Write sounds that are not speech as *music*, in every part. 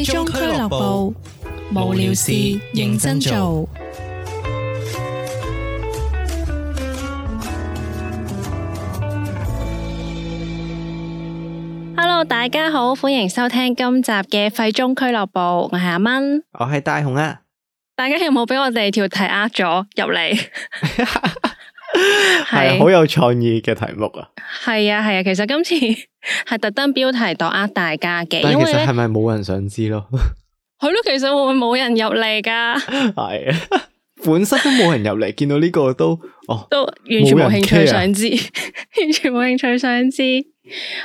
廢中俱樂部，無聊事認真做。Hello，大家好，歡迎收聽今集嘅廢中俱樂部，我係阿蚊，我係大雄啊！大家有冇俾我哋條題呃咗入嚟？ *laughs* *laughs* 係好有創意嘅題目啊！係啊係啊，其實今次係特登標題度呃大家嘅。但其實係咪冇人想知咯？係咯、 *laughs* 啊，其實會唔會冇人入嚟㗎？係、啊、本身都冇人入嚟， *laughs* 見到呢個都哦，都完全冇人興趣想知，啊、 *laughs* 完全冇興趣想知。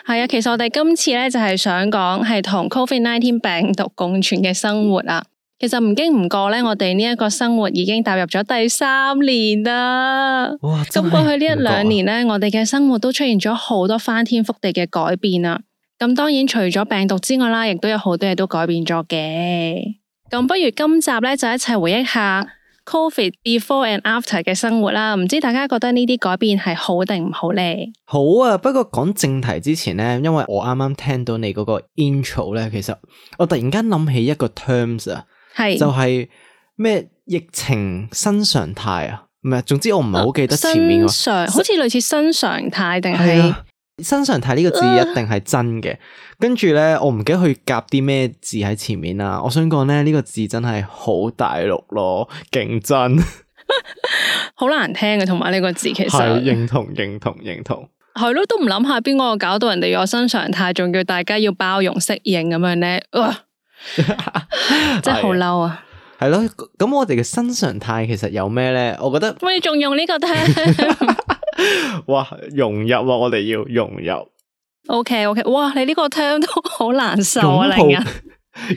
係啊，其實我哋今次咧就係想講係同 Covid nineteen 病毒共存嘅生活啊。其實唔經唔過咧，我哋呢一個生活已經踏入咗第三年啦。咁過，過去呢一兩年咧，我哋嘅生活都出現咗好多翻天覆地嘅改變啦。咁當然除咗病毒之外啦，亦都有好多嘢都改變咗嘅。咁不如今集咧就一齊回憶下 Covid before and after 嘅生活啦。唔知大家覺得呢啲改變係好定唔好咧？好啊，不過講正題之前咧，因為我啱啱聽到你嗰個 intro 咧，其實我突然間諗起一個 terms 啊。是就係咩疫情新常態啊？唔係，總之我唔係好記得前面。常、啊、好似類似新常態定係、啊、新常態呢個字一定係真嘅。啊、跟住咧，我唔記得佢夾啲咩字喺前面啦。我想講咧，呢、這個字真係好大陸咯，勁真，好 *laughs* 難聽嘅。同埋呢個字其實係認同認同認同，係咯，都唔諗下邊個搞到人哋個新常態，仲要大家要包容適應咁樣咧。啊真係好嬲啊！係咯，咁我哋嘅新常態其實有咩咧？我覺得我哋仲用呢個聽，哇，融入我哋要融入。O K O K，哇，你呢個聽都好難受啊！你啊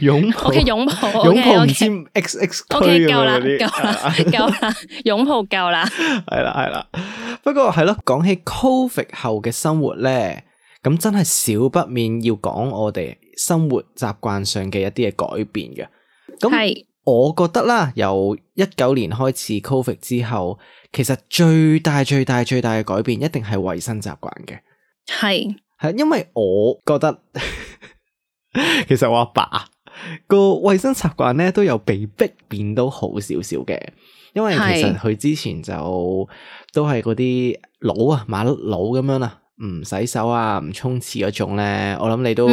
擁抱，O K 擁抱，擁抱唔知 X X 區嘅嗰啲，夠啦，夠啦，夠啦，擁抱夠啦。係啦，係啦，不過係咯，講起 COVID 後嘅生活咧，咁真係少不免要講我哋。生活習慣上嘅一啲嘅改變嘅，咁是我覺得啦，由一九年開始 Covid 之後，其實最大最大最大嘅改變一定係衛生習慣嘅，係係是因為我覺得 *laughs* 其實我阿爸，爸、個衛生習慣咧都有被逼變到好少少嘅，因為其實佢之前就都係嗰啲老啊買老咁樣啦。唔洗手啊，唔沖廁嗰種咧，我諗你都，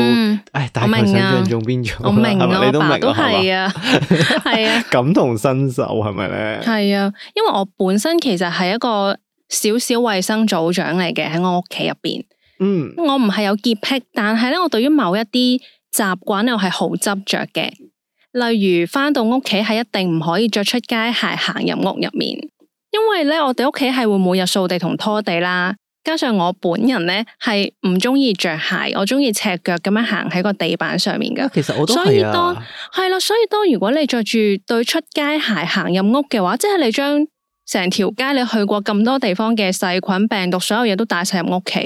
哎、嗯，大概想中邊種啦？我明啊，你都明，都係啊，係啊，啊 *laughs* 感同身受係咪咧？係 *laughs* 啊，因為我本身其實係一個少少衛生組長嚟嘅，喺我屋企入邊，嗯，我唔係有潔癖，但係咧，我對於某一啲習慣咧，我係好執着嘅。例如翻到屋企係一定唔可以着出街鞋行入屋入面，因為咧我哋屋企係會每日掃地同拖地啦。加上我本人咧係唔中意着鞋，我中意赤腳咁樣行喺個地板上面噶。其實我都係啊，所以當，係咯，所以當如果你着住對出街鞋行入屋嘅話，即係你將成條街你去過咁多地方嘅細菌病毒，所有嘢都帶晒入屋企。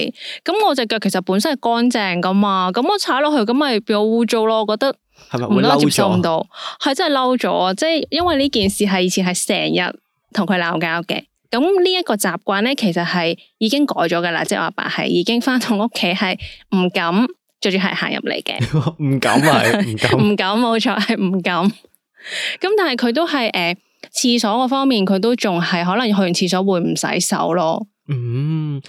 咁我隻腳其實本身係乾淨噶嘛，咁我踩落去咁咪比較污糟咯。我覺得係咪會我接受唔到？係真係嬲咗啊！即係因為呢件事係以前係成日同佢鬧交嘅。咁呢一個習慣咧，其實係已經改咗噶啦，即係我阿爸係已經翻到屋企係唔敢，着住鞋行入嚟嘅，唔敢，唔 *laughs* 敢，唔、呃、敢，冇錯係唔敢。咁但係佢都係誒，廁所嗰方面佢都仲係可能去完廁所會唔洗手咯。嗯，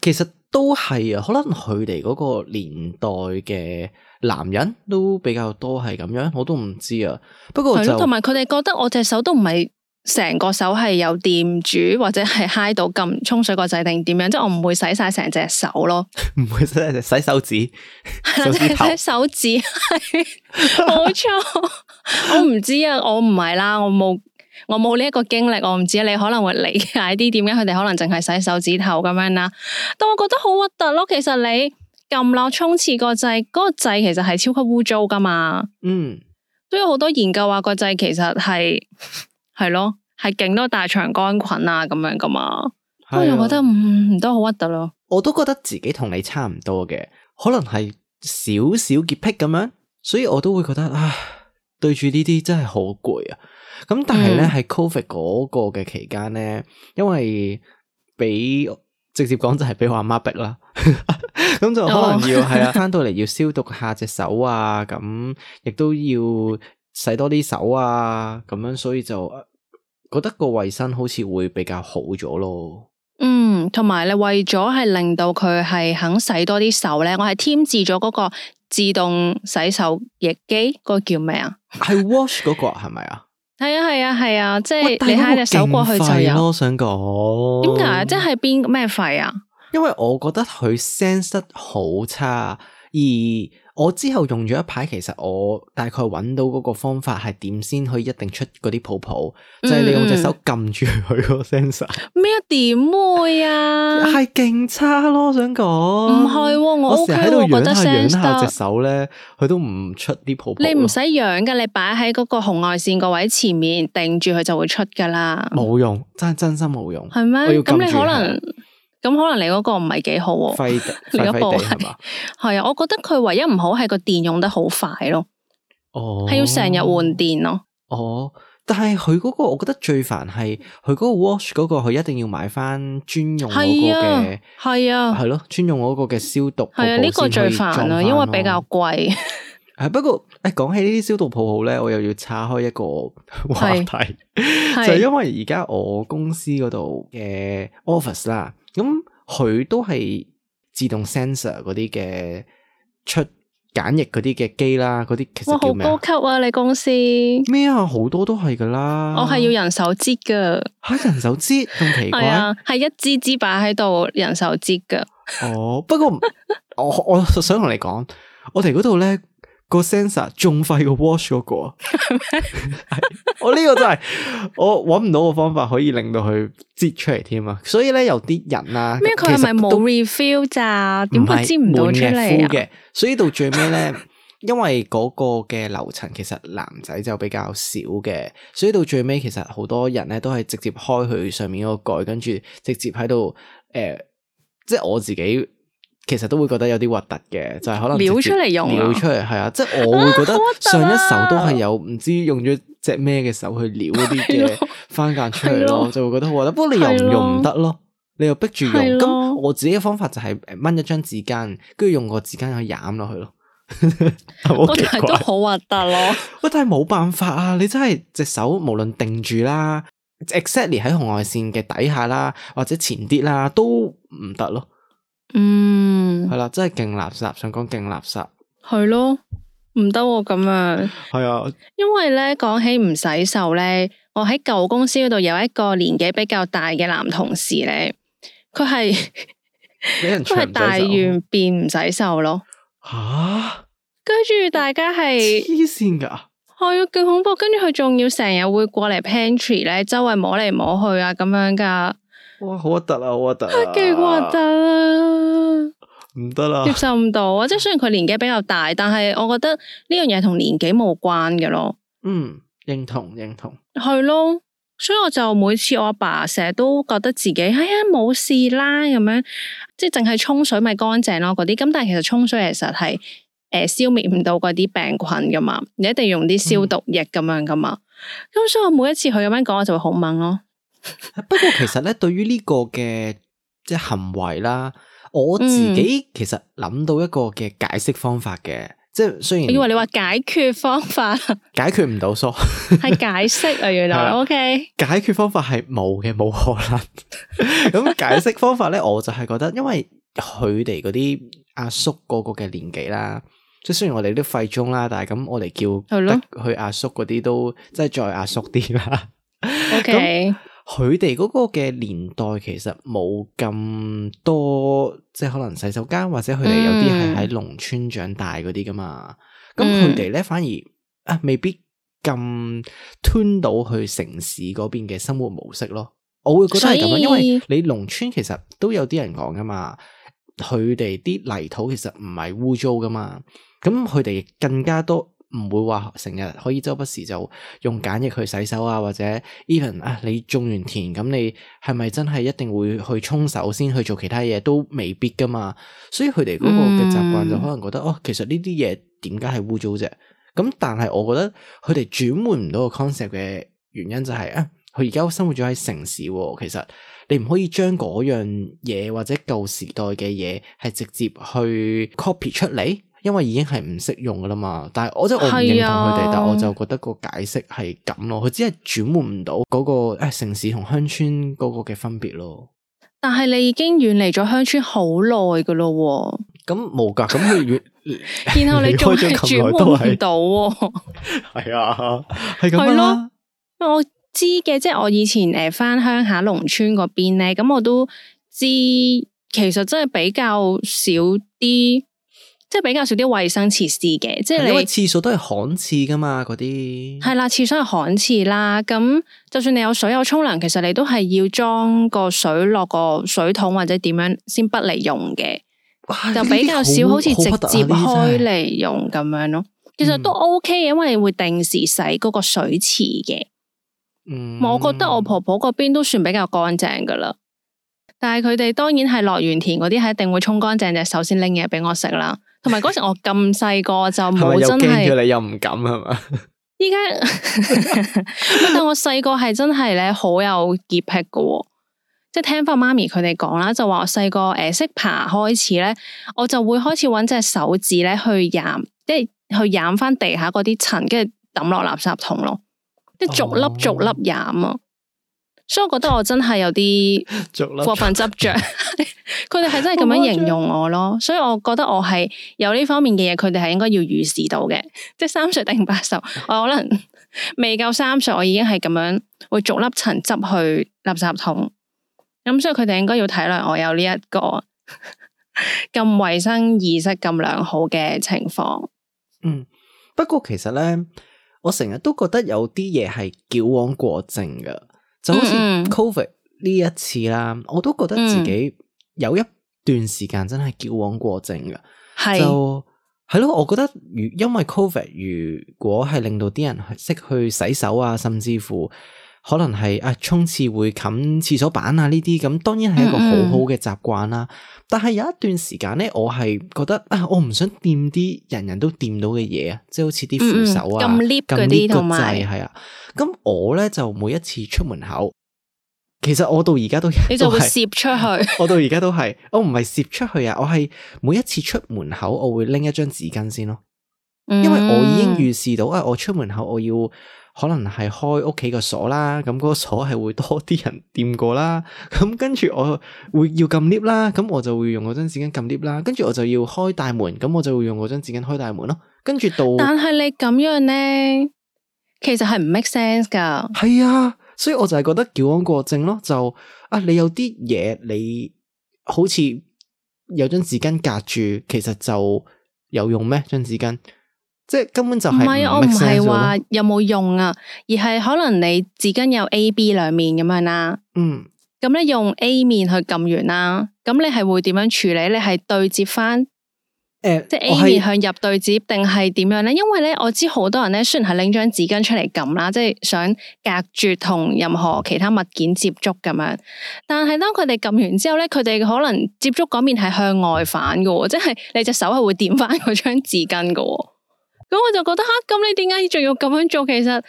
其實都係啊，可能佢哋嗰個年代嘅男人都比較多係咁樣，我都唔知啊。不過，係咯，同埋佢哋覺得我隻手都唔係。成個手係有掂住，或者係嗨到撳沖水個掣定點樣，即係我唔會洗晒成隻手咯，唔會洗洗手指，洗手指頭手指係冇錯。 *laughs* *laughs* 我唔知啊，我唔係啦，我冇我冇呢一個經歷，我唔知啊，你可能會理解啲點解佢哋可能淨係洗手指頭咁樣啦。但我覺得好核突咯，其實你撳落沖廁個掣，嗰個掣其實係超級污糟噶嘛。嗯，都有好多研究話個掣其實係係咯。係勁多大腸桿菌啊咁樣噶嘛，我又覺得唔、啊嗯、都好核突咯。我都覺得自己同你差唔多嘅，可能係少少潔癖咁樣，所以我都會覺得啊，對住呢啲真係好攰啊。咁但係咧喺 Covid 嗰個嘅期間咧，因為俾直接講就係俾我阿媽逼啦，咁 *laughs* *laughs* 就可能要係、oh. *laughs* 啊翻到嚟要消毒下隻手啊，咁亦都要洗多啲手啊，咁樣所以就。覺得個衛生好似會比較好咗咯，嗯，同埋你為咗係令到佢係肯洗多啲手咧，我係添置咗嗰個自動洗手液機，嗰、嗰個叫咩 *laughs* 啊？係 wash 嗰個係咪啊？係啊，係啊，係啊，即係你揩隻手過去洗我、啊、想講。點解？即係邊咩肺啊？因為我覺得佢 sense 得好差，而。我之後用咗一排，其實我大概揾到嗰個方法係點先可以一定出嗰啲泡泡，嗯、就係你用隻手撳住佢個 sensor、嗯。咩啊？點會啊？係勁差咯，我想講唔係，我成日喺度養下養下隻手咧，佢都唔出啲泡泡。你唔使養噶，你擺喺嗰個紅外線嗰位前面定住佢就會出噶啦。冇用，真係真心冇用，係咩嗎？我要撳住。咁你可能……咁可能你嗰個唔係幾好，你部係啊？我覺得佢唯一唔好係個電用得好快咯，係、哦、要成日換電咯。哦，但係佢嗰個我覺得最煩係佢嗰個 wash 個，佢一定要買翻專用嗰個嘅，係啊，係咯了，專的用嗰個嘅消毒係啊，呢、這個最煩啊，因為比較貴。係不過誒，講起呢啲消毒鋪好咧，我又要叉開一個話題， *laughs* 就因為而家我公司嗰度嘅 office 啦。咁佢都係自動 sensor 嗰啲嘅出簡易嗰啲嘅機啦，嗰啲其實好高級啊！你公司咩啊？好多都係噶啦，我係要人手摺噶吓，人手摺咁奇怪啊，係一支支擺喺度人手摺噶。哦，不過我我想同你講，我哋嗰度咧。 *music* 個 sensor 仲快過 wash 嗰個啊，我呢個真係我搵唔到個方法可以令到佢擠出嚟添啊！ *laughs* 所以咧，有啲人啊，咩佢係咪冇 refill 咋？點會擠唔到出嚟嘅。所以到最尾咧，因為嗰個嘅樓層其實男仔就比較少嘅，所以到最尾其實好多人咧都係直接開佢上面嗰個蓋，跟住直接喺度誒，即係我自己。其實都會覺得有啲核突嘅，就係、是、可能撩出嚟用，撩出嚟係啊，啊即係我會覺得上一手都係有唔知用咗隻咩嘅手去撩啲嘅翻夾出嚟咯，了就會覺得好核突。不過了你又唔用唔得咯，了你又逼住用，咁了我自己嘅方法就係掹一張紙巾，跟住用個紙巾去染落去咯。 *laughs* 怪我覺得都好核突咯。喂， *laughs* 但係冇辦法啊，你真係隻手無論定住啦，exactly 喺紅外線嘅底下啦，或者前啲啦，都唔得咯。嗯，係啦，真係勁垃圾，想講勁垃圾，係咯，唔得喎咁樣，係啊，因為咧講起唔洗手咧，我喺舊公司嗰度有一個年紀比較大嘅男同事咧，佢係，俾人，佢係 *laughs* 大完便唔洗手咯，吓、啊，跟住大家係，黐線噶，係啊，勁恐怖，跟住佢仲要成日會過嚟 pantry 咧，周圍摸嚟摸去啊，咁樣噶。哇，好核突啊，好核突啊！幾核突啊？唔得啦，接受唔到啊！即係雖然佢年紀比較大，但係我覺得呢樣嘢同年紀冇關嘅咯。嗯，認同認同。係咯，所以我就每次我阿爸成日都覺得自己，哎呀，冇事啦，咁樣即係淨係沖水咪乾淨咯嗰啲。咁但係其實沖水其實係誒、呃、消滅唔到嗰啲病菌噶嘛，你一定要用啲消毒液咁樣噶嘛。咁、嗯、所以我每一次佢咁樣講，我就會好猛咯。 *laughs* *laughs* 不過其實咧，對於呢個嘅即係行為啦，我自己其實諗到一個嘅解釋方法嘅，即係雖然我以為你話解決方法， *laughs* 解決唔到疏係解釋啊，原來 *laughs* O okay . K，解決方法係冇嘅，冇可能。咁 *laughs* 解釋方法咧， *laughs* 我就係覺得，因為佢哋嗰啲阿叔個個嘅年紀啦，即係雖然我哋都廢中啦，但係咁我哋叫得佢阿叔嗰啲都即係再阿叔啲啦。O K。佢哋嗰個嘅年代其實冇咁多，即係可能洗手間或者佢哋有啲係喺農村長大嗰啲噶嘛，咁佢哋咧，反而啊未必咁吞到去城市嗰邊嘅生活模式咯。我會覺得係咁樣，以因為你農村其實都有啲人講噶嘛，佢哋啲泥土其實唔係污糟噶嘛，咁佢哋更加多。唔會話成日可以周不時就用梘液去洗手啊，或者 even 啊，你種完田咁，你係咪真係一定會去沖手先去做其他嘢都未必噶嘛？所以佢哋嗰個嘅習慣就可能覺得、嗯、哦，其實呢啲嘢點解係污糟啫？咁但係我覺得佢哋轉換唔到個 concept 嘅原因就係、是、啊，佢而家生活咗喺城市、啊，其實你唔可以將嗰樣嘢或者舊時代嘅嘢係直接去 copy 出嚟。因為已經係唔識用噶啦嘛，但係我即係我唔認同佢哋，啊、但係我就覺得解釋、個解釋係咁咯，佢只係轉換唔到嗰個誒城市同鄉村嗰個嘅分別咯。但係你已經遠離咗鄉村好耐噶咯，咁冇噶，咁你遠 *laughs* 然後你仲係轉換唔到，係啊， *laughs* *laughs* 啊，係咁啦。我知嘅，即、就、係、是、我以前誒翻鄉下農村嗰邊咧，咁我都知，其實真係比較少啲。即係比較少啲衛生設施嘅，即係你廁所都係旱廁噶嘛，嗰啲係啦，廁所係旱廁啦。咁就算你有水有沖涼，其實你都係要裝個水落個水桶或者點樣先不嚟用嘅，哇就比較少好似直接開嚟用咁樣咯。其實都 OK 嘅，因為會定時洗嗰個水池嘅。嗯，我覺得我婆婆嗰邊都算比較乾淨噶啦，但係佢哋當然係落完田嗰啲係一定會沖乾淨隻手先拎嘢俾我食啦。同埋嗰時我咁細個就冇真係驚你又唔敢係嘛？依家。但我細個係真係咧好有潔癖噶、哦，即係聽翻媽咪佢哋講啦，就話我細個誒識爬開始咧，我就會開始揾隻手指咧去染，即係去染翻地下嗰啲塵，跟住抌落垃圾桶咯，即係逐粒逐粒染啊。哦嗯嗯所以我覺得我真係有啲過分執着，佢哋係真係咁樣形容我咯。所以我覺得我係有呢方面嘅嘢，佢哋係應該要預視到嘅，即係三歲定八十。我可能未夠三歲，我已經係咁樣會逐粒塵執去垃圾桶。咁所以佢哋應該要體諒我有呢一個咁 *laughs* 衛生意識咁良好嘅情況。嗯，不過其實咧，我成日都覺得有啲嘢係矯枉過正㗎。就好似 Covid 呢一次啦，我都覺得自己有一段時間真係矯枉過正嘅，嗯、就係咯，我覺得如因為 Covid 如果係令到啲人識去洗手啊，甚至乎。可能係啊沖廁會冚廁所板啊呢啲咁，當然係一個好好嘅習慣啦。嗯嗯，但係有一段時間咧，我係覺得啊，我唔想掂啲人人都掂到嘅嘢啊，即係好似啲扶手啊、咁 lift 嗰啲同埋係啊。咁我咧就每一次出門口，其實我到而家都你就會攝出去。我到而家都係，我唔係攝出去啊，我係每一次出門口，我會拎一張紙巾先咯，嗯嗯，因為我已經預示到啊，我出門口我要。可能係開屋企個鎖啦，咁嗰個鎖係會多啲人掂過啦，咁跟住我會要撳 lift 啦，咁我就會用嗰張紙巾撳 lift 啦，跟住我就要開大門，咁我就會用嗰張紙巾開大門咯，跟住到。但係你咁樣呢，其實係唔 make sense 噶。係啊，所以我就係覺得矯枉過正咯，就啊，你有啲嘢你好似有張紙巾隔住，其實就有用咩？張紙巾。即係根本就唔係，我唔係話有冇用啊，而係可能你紙巾有 A、B 兩面咁樣啦、啊。嗯，咁咧用 A 面去撳，完啦、啊，咁你係會點樣處理？你係對接翻、呃、即係 A 面向入對接，定係點樣咧？因為咧，我知好多人咧，雖然係拎張紙巾出嚟撳啦，即係想隔絕同任何其他物件接觸咁樣，但係當佢哋撳完之後咧，佢哋可能接觸嗰面係向外反噶，即係你隻手係會掂翻嗰張紙巾噶。咁我就覺得吓，咁、啊、你點解仲要咁樣做？其實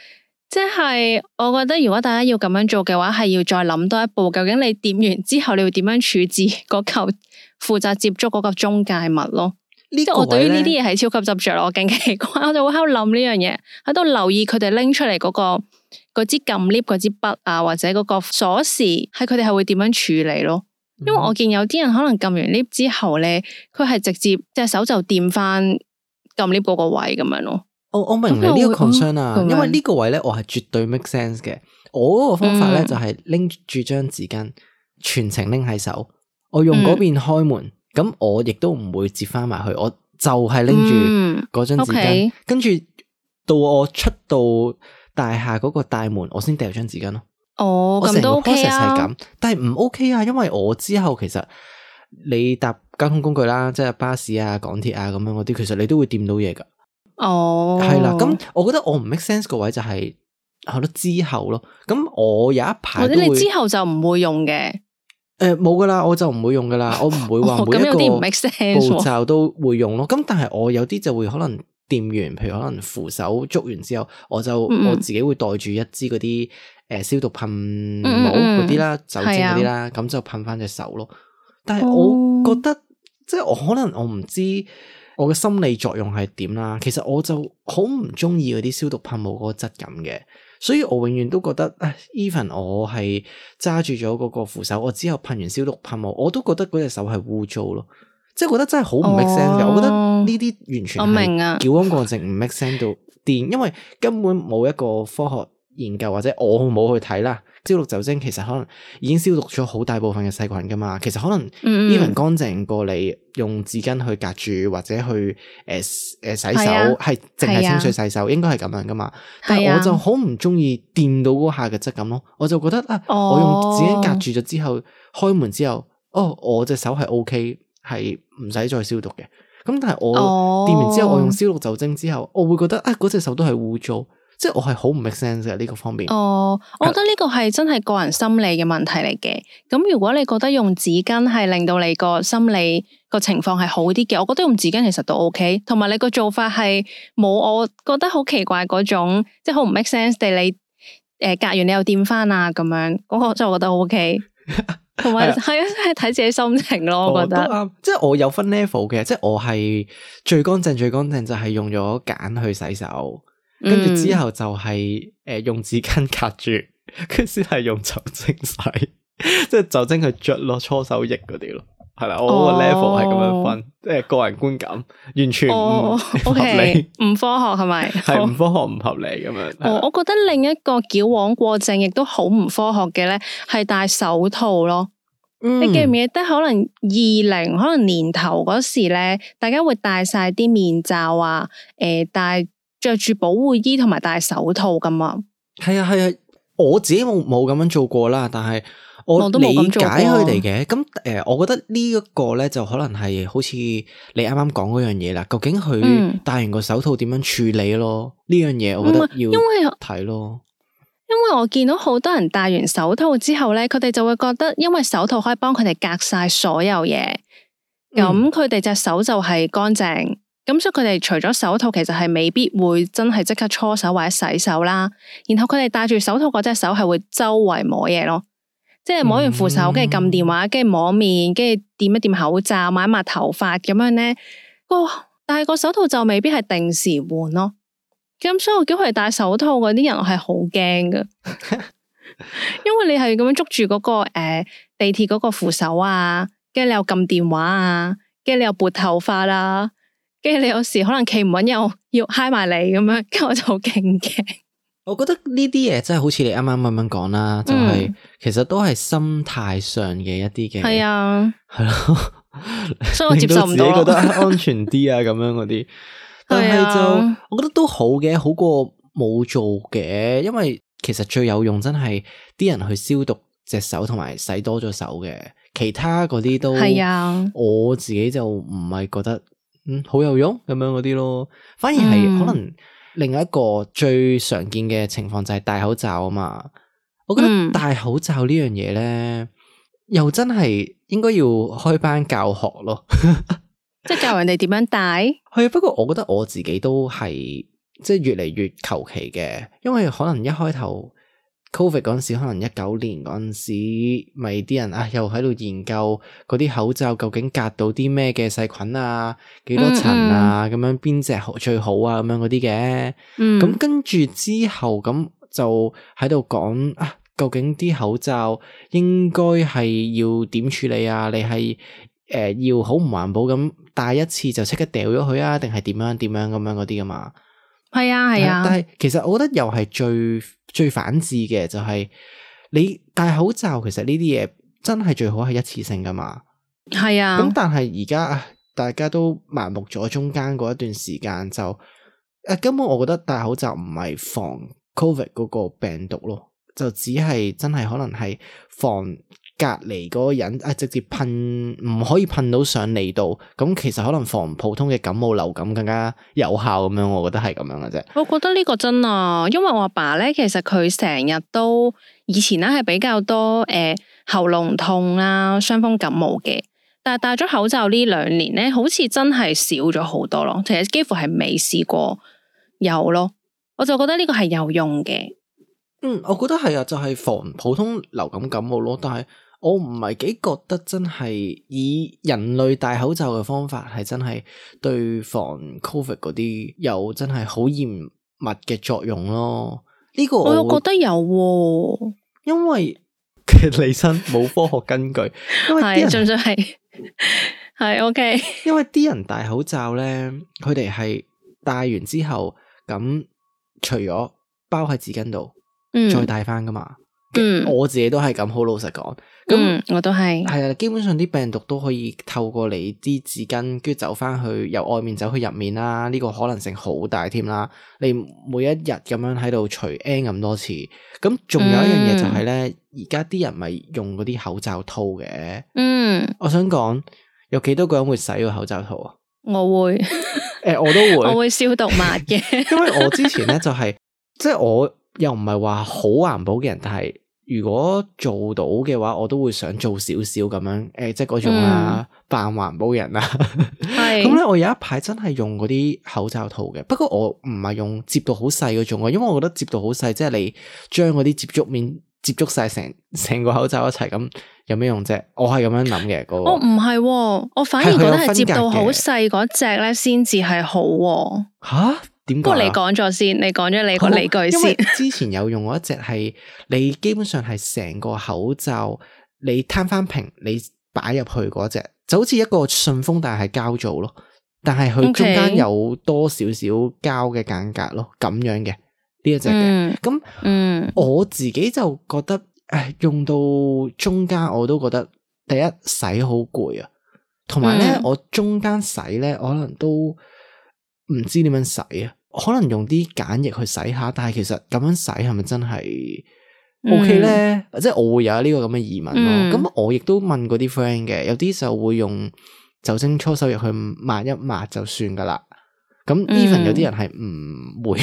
即係，我覺得如果大家要咁樣做嘅話，係要再諗多一步，究竟你點完之後，你會點樣處置嗰嚿負責接觸嗰個中介物咯？呢啲我對於呢啲嘢係超級執着咯，我好奇、奇怪， *laughs* 我就會喺度諗呢樣嘢，喺度留意佢哋拎出嚟嗰、嗰個支撳 lift、mm hmm. 按 支筆啊，或者嗰個鎖匙，係佢哋係會點樣處理咯？因為我見有啲人可能撳、mm hmm. 按 完 lift 之後咧，佢係直接隻手就掂翻。撳呢個個位咁樣咯，哦，我明你呢個 concern 啊，為因為呢個位咧，我係絕對 make sense 嘅。我嗰個方法咧就係拎住張紙巾，嗯、全程拎喺手。我用嗰邊開門，咁、嗯、我亦都唔會接翻埋去，我就係拎住嗰張紙巾，跟住、嗯 okay, 到我出到大廈嗰個大門，我先掉張紙巾咯。哦，咁都 OK 啊，嗯、但係唔 OK 啊，因為我之後其實你搭。交通工具啦，即係巴士啊、港鐵啊咁樣嗰啲，其實你都會掂到嘢噶。哦、oh.，係啦。咁我覺得我唔 make sense 個位就係喺度之後咯。咁我有一排或者你之後就唔會用嘅。誒、呃，冇噶啦，我就唔會用噶啦， *laughs* 我唔會話每一個步驟都會用咯。咁但係我有啲就會可能掂完，譬如可能扶手捉完之後，我就、mm hmm. 我自己會袋住一支嗰啲誒消毒噴霧嗰啲啦、mm hmm. 酒精嗰啲啦，咁、mm hmm. 就噴翻隻手咯。但係我覺得、mm。Hmm. 嗯即係我可能我唔知我嘅心理作用係點啦，其實我就好唔中意嗰啲消毒噴霧嗰個質感嘅，所以我永遠都覺得，even、啊、我係揸住咗嗰個扶手，我之後噴完消毒噴霧，我都覺得嗰隻手係污糟咯，即係覺得真係好唔 make sense 嘅，哦、我覺得呢啲完全明係矯枉過正，唔 make sense 到癲，因為根本冇一個科學。研究或者我好冇去睇啦，消毒酒精其實可能已經消毒咗好大部分嘅細菌噶嘛，其實可能依份乾淨過你，用紙巾去隔住或者去誒誒、呃呃、洗手，係淨係清水洗手，啊、應該係咁樣噶嘛。啊、但係我就好唔中意掂到嗰下嘅質感咯，我就覺得、哦、啊，我用紙巾隔住咗之後，開門之後，哦，我隻手係 O K，係唔使再消毒嘅。咁但係我掂完之後，哦、我用消毒酒精之後，我會覺得啊，嗰、哎、隻手都係污糟。即係我係好唔 make sense 嘅呢個方面。哦，oh, 我覺得呢個係真係個人心理嘅問題嚟嘅。咁如果你覺得用紙巾係令到你個心理個情況係好啲嘅，我覺得用紙巾其實都 OK。同埋你個做法係冇我覺得好奇怪嗰種，即係好唔 make sense 地你誒，隔完你又掂翻啊咁樣。那個、我我真係覺得 OK。同埋係啊，係睇 *laughs* *laughs* *laughs* 自己心情咯。Oh, 我覺得即係我有分 level 嘅，即係我係最乾淨最乾淨就係用咗梘去洗手。跟住之後就係、是、誒、呃、用紙巾隔住，跟先係用酒精洗，即係酒精去捽咯，搓手液嗰啲咯，係啦。我個 level 係咁、oh, 樣分，即、呃、係個人觀感，完全唔合理，唔科學係咪？係唔科學唔合理咁樣。哦，我覺得另一個矯枉過正，亦都好唔科學嘅咧，係戴手套咯。Mm. 你記唔記得可能二零可能年頭嗰時咧，大家會戴晒啲面罩啊，誒、呃、戴。着住保護衣同埋戴手套㗎嘛？係啊係啊，我自己冇冇咁樣做過啦，但係我都理解佢哋嘅。咁誒、哦呃，我覺得呢一個咧就可能係好似你啱啱講嗰樣嘢啦。究竟佢戴完個手套點樣處理咯？呢、嗯、樣嘢我覺得要睇咯、嗯。因為，咯因為我見到好多人戴完手套之後咧，佢哋就會覺得因為手套可以幫佢哋隔晒所有嘢，咁佢哋隻手就係乾淨。咁所以佢哋除咗手套，其實係未必會真係即刻搓手或者洗手啦。然後佢哋戴住手套嗰隻手係會周圍摸嘢咯，即係摸完扶手，跟住撳電話，跟住摸面，跟住掂一掂口罩，抹一抹頭髮咁樣咧。哇！但係個手套就未必係定時換咯。咁所以我驚佢戴手套嗰啲人係好驚噶，因為你係咁樣捉住嗰、那個誒、呃、地鐵嗰個扶手啊，跟住你又撳電話啊，跟住你又撥頭髮啦、啊。跟住你有時可能企唔穩，又要嗨埋你咁樣，跟我就好勁嘅。我覺得呢啲嘢真係好似你啱啱咁樣講啦，嗯、就係其實都係心態上嘅一啲嘅。係啊，係咯，所以我接受唔 *laughs* 到自己覺得安全啲啊，咁樣嗰啲。但係就 *laughs* 的我覺得都好嘅，好過冇做嘅。因為其實最有用真係啲人去消毒隻手，同埋洗多咗手嘅。其他嗰啲都係啊，的我自己就唔係覺得。好有用咁樣嗰啲咯，反而係可能另一個最常見嘅情況就係戴口罩啊嘛。我覺得戴口罩呢樣嘢咧，嗯、又真係應該要開班教學咯， *laughs* 即係教人哋點樣戴。係啊， *laughs* 不過我覺得我自己都係即係越嚟越求其嘅，因為可能一開頭。Covid 嗰陣時，可能一九年嗰陣時，咪啲人啊，又喺度研究嗰啲口罩究竟隔到啲咩嘅細菌啊，幾多層啊，咁樣邊隻好最好啊，咁樣嗰啲嘅。咁跟住之後，咁就喺度講啊，究竟啲口罩應該係要點處理啊？你係誒要好唔環保咁戴一次就即刻掉咗佢啊？定係點樣點樣咁樣嗰啲噶嘛？係啊係啊，啊，但係其實我覺得又係最。最反智嘅就係、是、你戴口罩，其實呢啲嘢，真係最好係一次性噶嘛。係啊，咁但係而家大家都麻木咗中間嗰一段時間，就根本我覺得戴口罩唔係防 covid 嗰個病毒咯，就只係真係可能係防。隔籬嗰個人啊，直接噴唔可以噴到上嚟度，咁其實可能防普通嘅感冒流感更加有效咁樣，我覺得係咁樣嘅啫。我覺得呢個真啊，因為我阿爸咧，其實佢成日都以前咧係比較多誒、呃、喉嚨痛啦、傷風感冒嘅，但係戴咗口罩呢兩年咧，好似真係少咗好多咯，其實幾乎係未試過有咯，我就覺得呢個係有用嘅。嗯，我覺得係啊，就係、是、防普通流感感冒咯。但係我唔係幾覺得真係以人類戴口罩嘅方法係真係對防 Covid 嗰啲有真係好嚴密嘅作用咯。呢、這個我又覺得有、啊，因為其實你真冇科學根據， *laughs* *laughs* 因為啲人真係係 OK。因為啲人戴口罩咧，佢哋係戴完之後咁，除咗包喺紙巾度。再戴翻噶嘛？嗯，嗯，我自己都係咁，好老實講。咁我都係係啊，基本上啲病毒都可以透過你啲紙巾，跟住走翻去由外面走去入面啦。呢個可能性好大添啦。你每一日咁樣喺度除 N 咁多次，咁仲有一樣嘢就係咧，而家啲人咪用嗰啲口罩套嘅。嗯，我想講有幾多個人會洗個口罩套啊？我會，誒、 *laughs* 欸，我都會， *laughs* 我會消毒抹嘅。因為我之前咧就係即係我。又唔係話好環保嘅人，但係如果做到嘅話，我都會想做少少咁樣，誒、呃，即係嗰種啊，扮環保人啊、嗯。係咁咧，我有一排真係用嗰啲口罩套嘅，不過我唔係用接度好細嗰種啊，因為我覺得接度好細，即係你將嗰啲接觸面接觸晒成成個口罩一齊咁有咩用啫？我係咁樣諗嘅。嗰個。哦，我唔係，我反而覺得係接度好細嗰隻咧，先至係好。吓？不過你講咗先， *noise* 你講咗你個理據先。啊，先之前有用過一隻係，你基本上係成個口罩，你攤翻平， *laughs* 你擺入去嗰隻，就好似一個信封，但係膠做咯。但係佢中間有多少少膠嘅間隔咯，咁樣嘅呢一隻嘅。咁，嗯，那嗯我自己就覺得，誒，用到中間我都覺得第一洗好攰啊，同埋咧，我中間洗咧我可能都。唔知點樣洗啊？可能用啲鹼液去洗下，但係其實咁樣洗係咪真係 O K 咧？嗯、即係我會有呢個咁嘅疑問咯。咁、嗯、我亦都問過啲 friend 嘅，有啲時候，會用酒精搓手液去抹一抹就算噶啦。咁 even 有啲人係唔會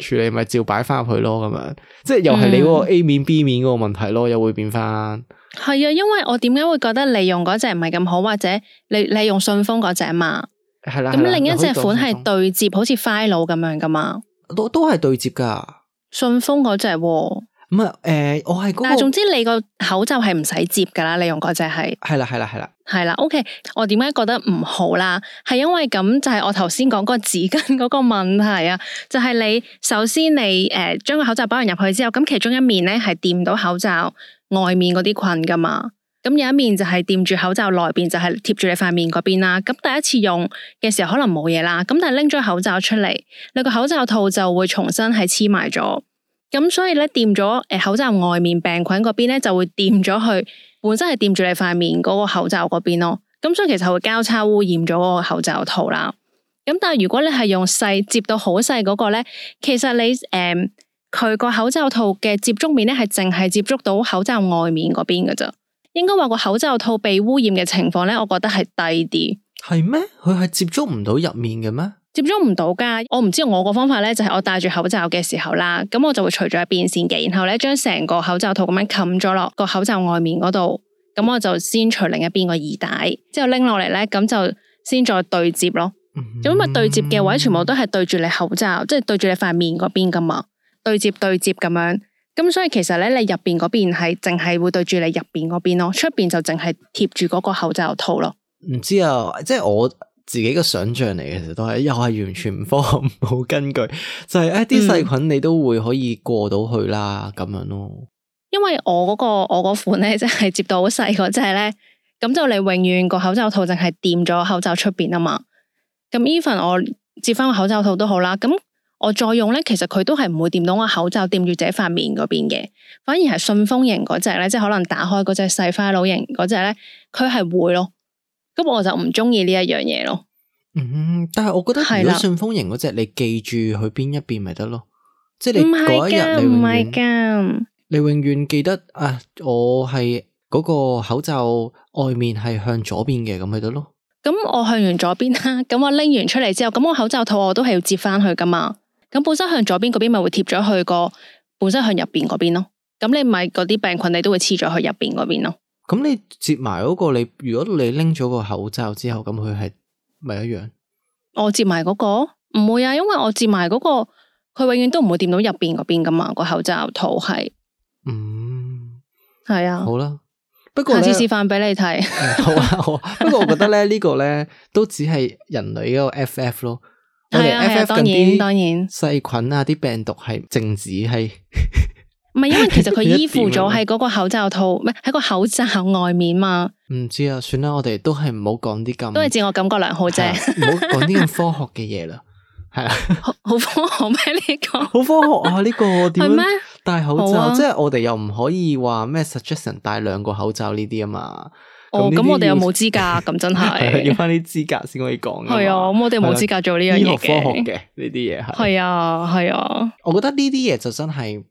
處理，咪、嗯、 *laughs* 照擺翻入去咯。咁樣即係又係你嗰個 A 面 B 面嗰個問題咯，嗯、又會變翻。係啊，因為我點解會覺得你用嗰隻唔係咁好，或者你你用信封嗰隻嘛？係啦，咁、嗯嗯、另一隻款係對接，嗯、好似 file 咁樣噶嘛，都都係對接噶。信封嗰隻，唔係誒，我係、那個，但係總之你個口罩係唔使接噶啦，你用嗰隻係，係啦係啦係啦，係、嗯、啦、嗯嗯嗯。OK，我點解覺得唔好啦？係因為咁就係我頭先講個紙巾嗰個問題啊，就係、是、你首先你誒將個口罩擺完入去之後，咁其中一面咧係掂到口罩外面嗰啲菌噶嘛。咁有一面就係掂住口罩內邊，就係貼住你塊面嗰邊啦。咁第一次用嘅時候可能冇嘢啦，咁但係拎咗口罩出嚟，你個口罩套就會重新係黐埋咗。咁所以咧掂咗誒口罩外面病菌嗰邊咧，就會掂咗去本身係掂住你塊面嗰個口罩嗰邊咯。咁所以其實會交叉污染咗個口罩套啦。咁但係如果你係用細接到好細嗰個咧，其實你誒佢個口罩套嘅接觸面咧係淨係接觸到口罩外面嗰邊噶咋。應該話個口罩套被污染嘅情況咧，我覺得係低啲。係咩？佢係接觸唔到入面嘅咩？接觸唔到噶，我唔知我個方法咧，就係、是、我戴住口罩嘅時候啦，咁我就會除咗一邊先嘅，然後咧將成個口罩套咁樣冚咗落個口罩外面嗰度，咁我就先除另一邊個耳帶，之後拎落嚟咧，咁就先再對接咯。咁咪、嗯、對接嘅位全部都係對住你口罩，嗯、即係對住你塊面嗰邊噶嘛？對接對接咁樣。咁、嗯、所以其實咧，你入邊嗰邊係淨係會對住你入邊嗰邊咯，出邊就淨係貼住嗰個口罩套咯。唔知啊，即、就、係、是、我自己嘅想象嚟嘅，其實都係又係完全唔科學唔好根據，就係、是、一啲細菌你都會可以過到去啦咁、嗯、樣咯。因為我嗰、那個我嗰款咧，即係接到好細個，即係咧，咁就你永遠個口罩套淨係掂咗口罩出邊啊嘛。咁呢份我接翻個口罩套都好啦，咁。我再用咧，其實佢都係唔會掂到我口罩掂住自己塊面嗰邊嘅，反而係信封型嗰隻咧，即係可能打開嗰隻細花佬型嗰隻咧，佢係會咯。咁我就唔中意呢一樣嘢咯。嗯，但係我覺得如果信封型嗰隻，的你記住去邊一邊咪得咯，即係你嗰一日唔係噶，你永遠記得啊！我係嗰個口罩外面係向左邊嘅，咁咪得咯。咁我向完左邊啦，咁我拎完出嚟之後，咁我，我口罩套我都係要接翻去噶嘛。咁本身向左邊嗰邊咪會貼咗去個本身向入邊嗰邊咯，咁你咪嗰啲病菌你都會黐咗去入邊嗰邊咯。咁你接埋嗰個你，如果你拎咗個口罩之後，咁佢係咪一樣？我接埋嗰個唔會啊，因為我接埋嗰個，佢永遠都唔會掂到入邊嗰邊噶嘛，個口罩套係。嗯，係啊。好啦，不過下次示範俾你睇、 *laughs* 哎啊。好啊，好啊。不過我覺得咧， *laughs* 個呢個咧都只係人類一個 FF 咯。F 係啊，當然當然，細菌啊啲病毒係靜止係，唔係 *laughs* 因為其實佢依附咗喺嗰個口罩套，唔係 *laughs* 喺個口罩外面嘛。唔知啊，算啦，我哋都係唔好講啲咁，都係自我感覺良好啫。唔好講啲咁科學嘅嘢啦，係 *laughs* 啊好，好科學咩呢、這個？ *laughs* 好科學啊呢、這個點？戴口罩、啊、即係我哋又唔可以話咩 suggestion 戴兩個口罩呢啲啊嘛。哦，咁我哋又冇資格，咁真係要翻啲資格先可以講嘅。係啊 point，咁我哋冇資格做呢樣嘢嘅。醫學科學嘅呢啲嘢係，係啊，係啊，我覺得呢啲嘢就真係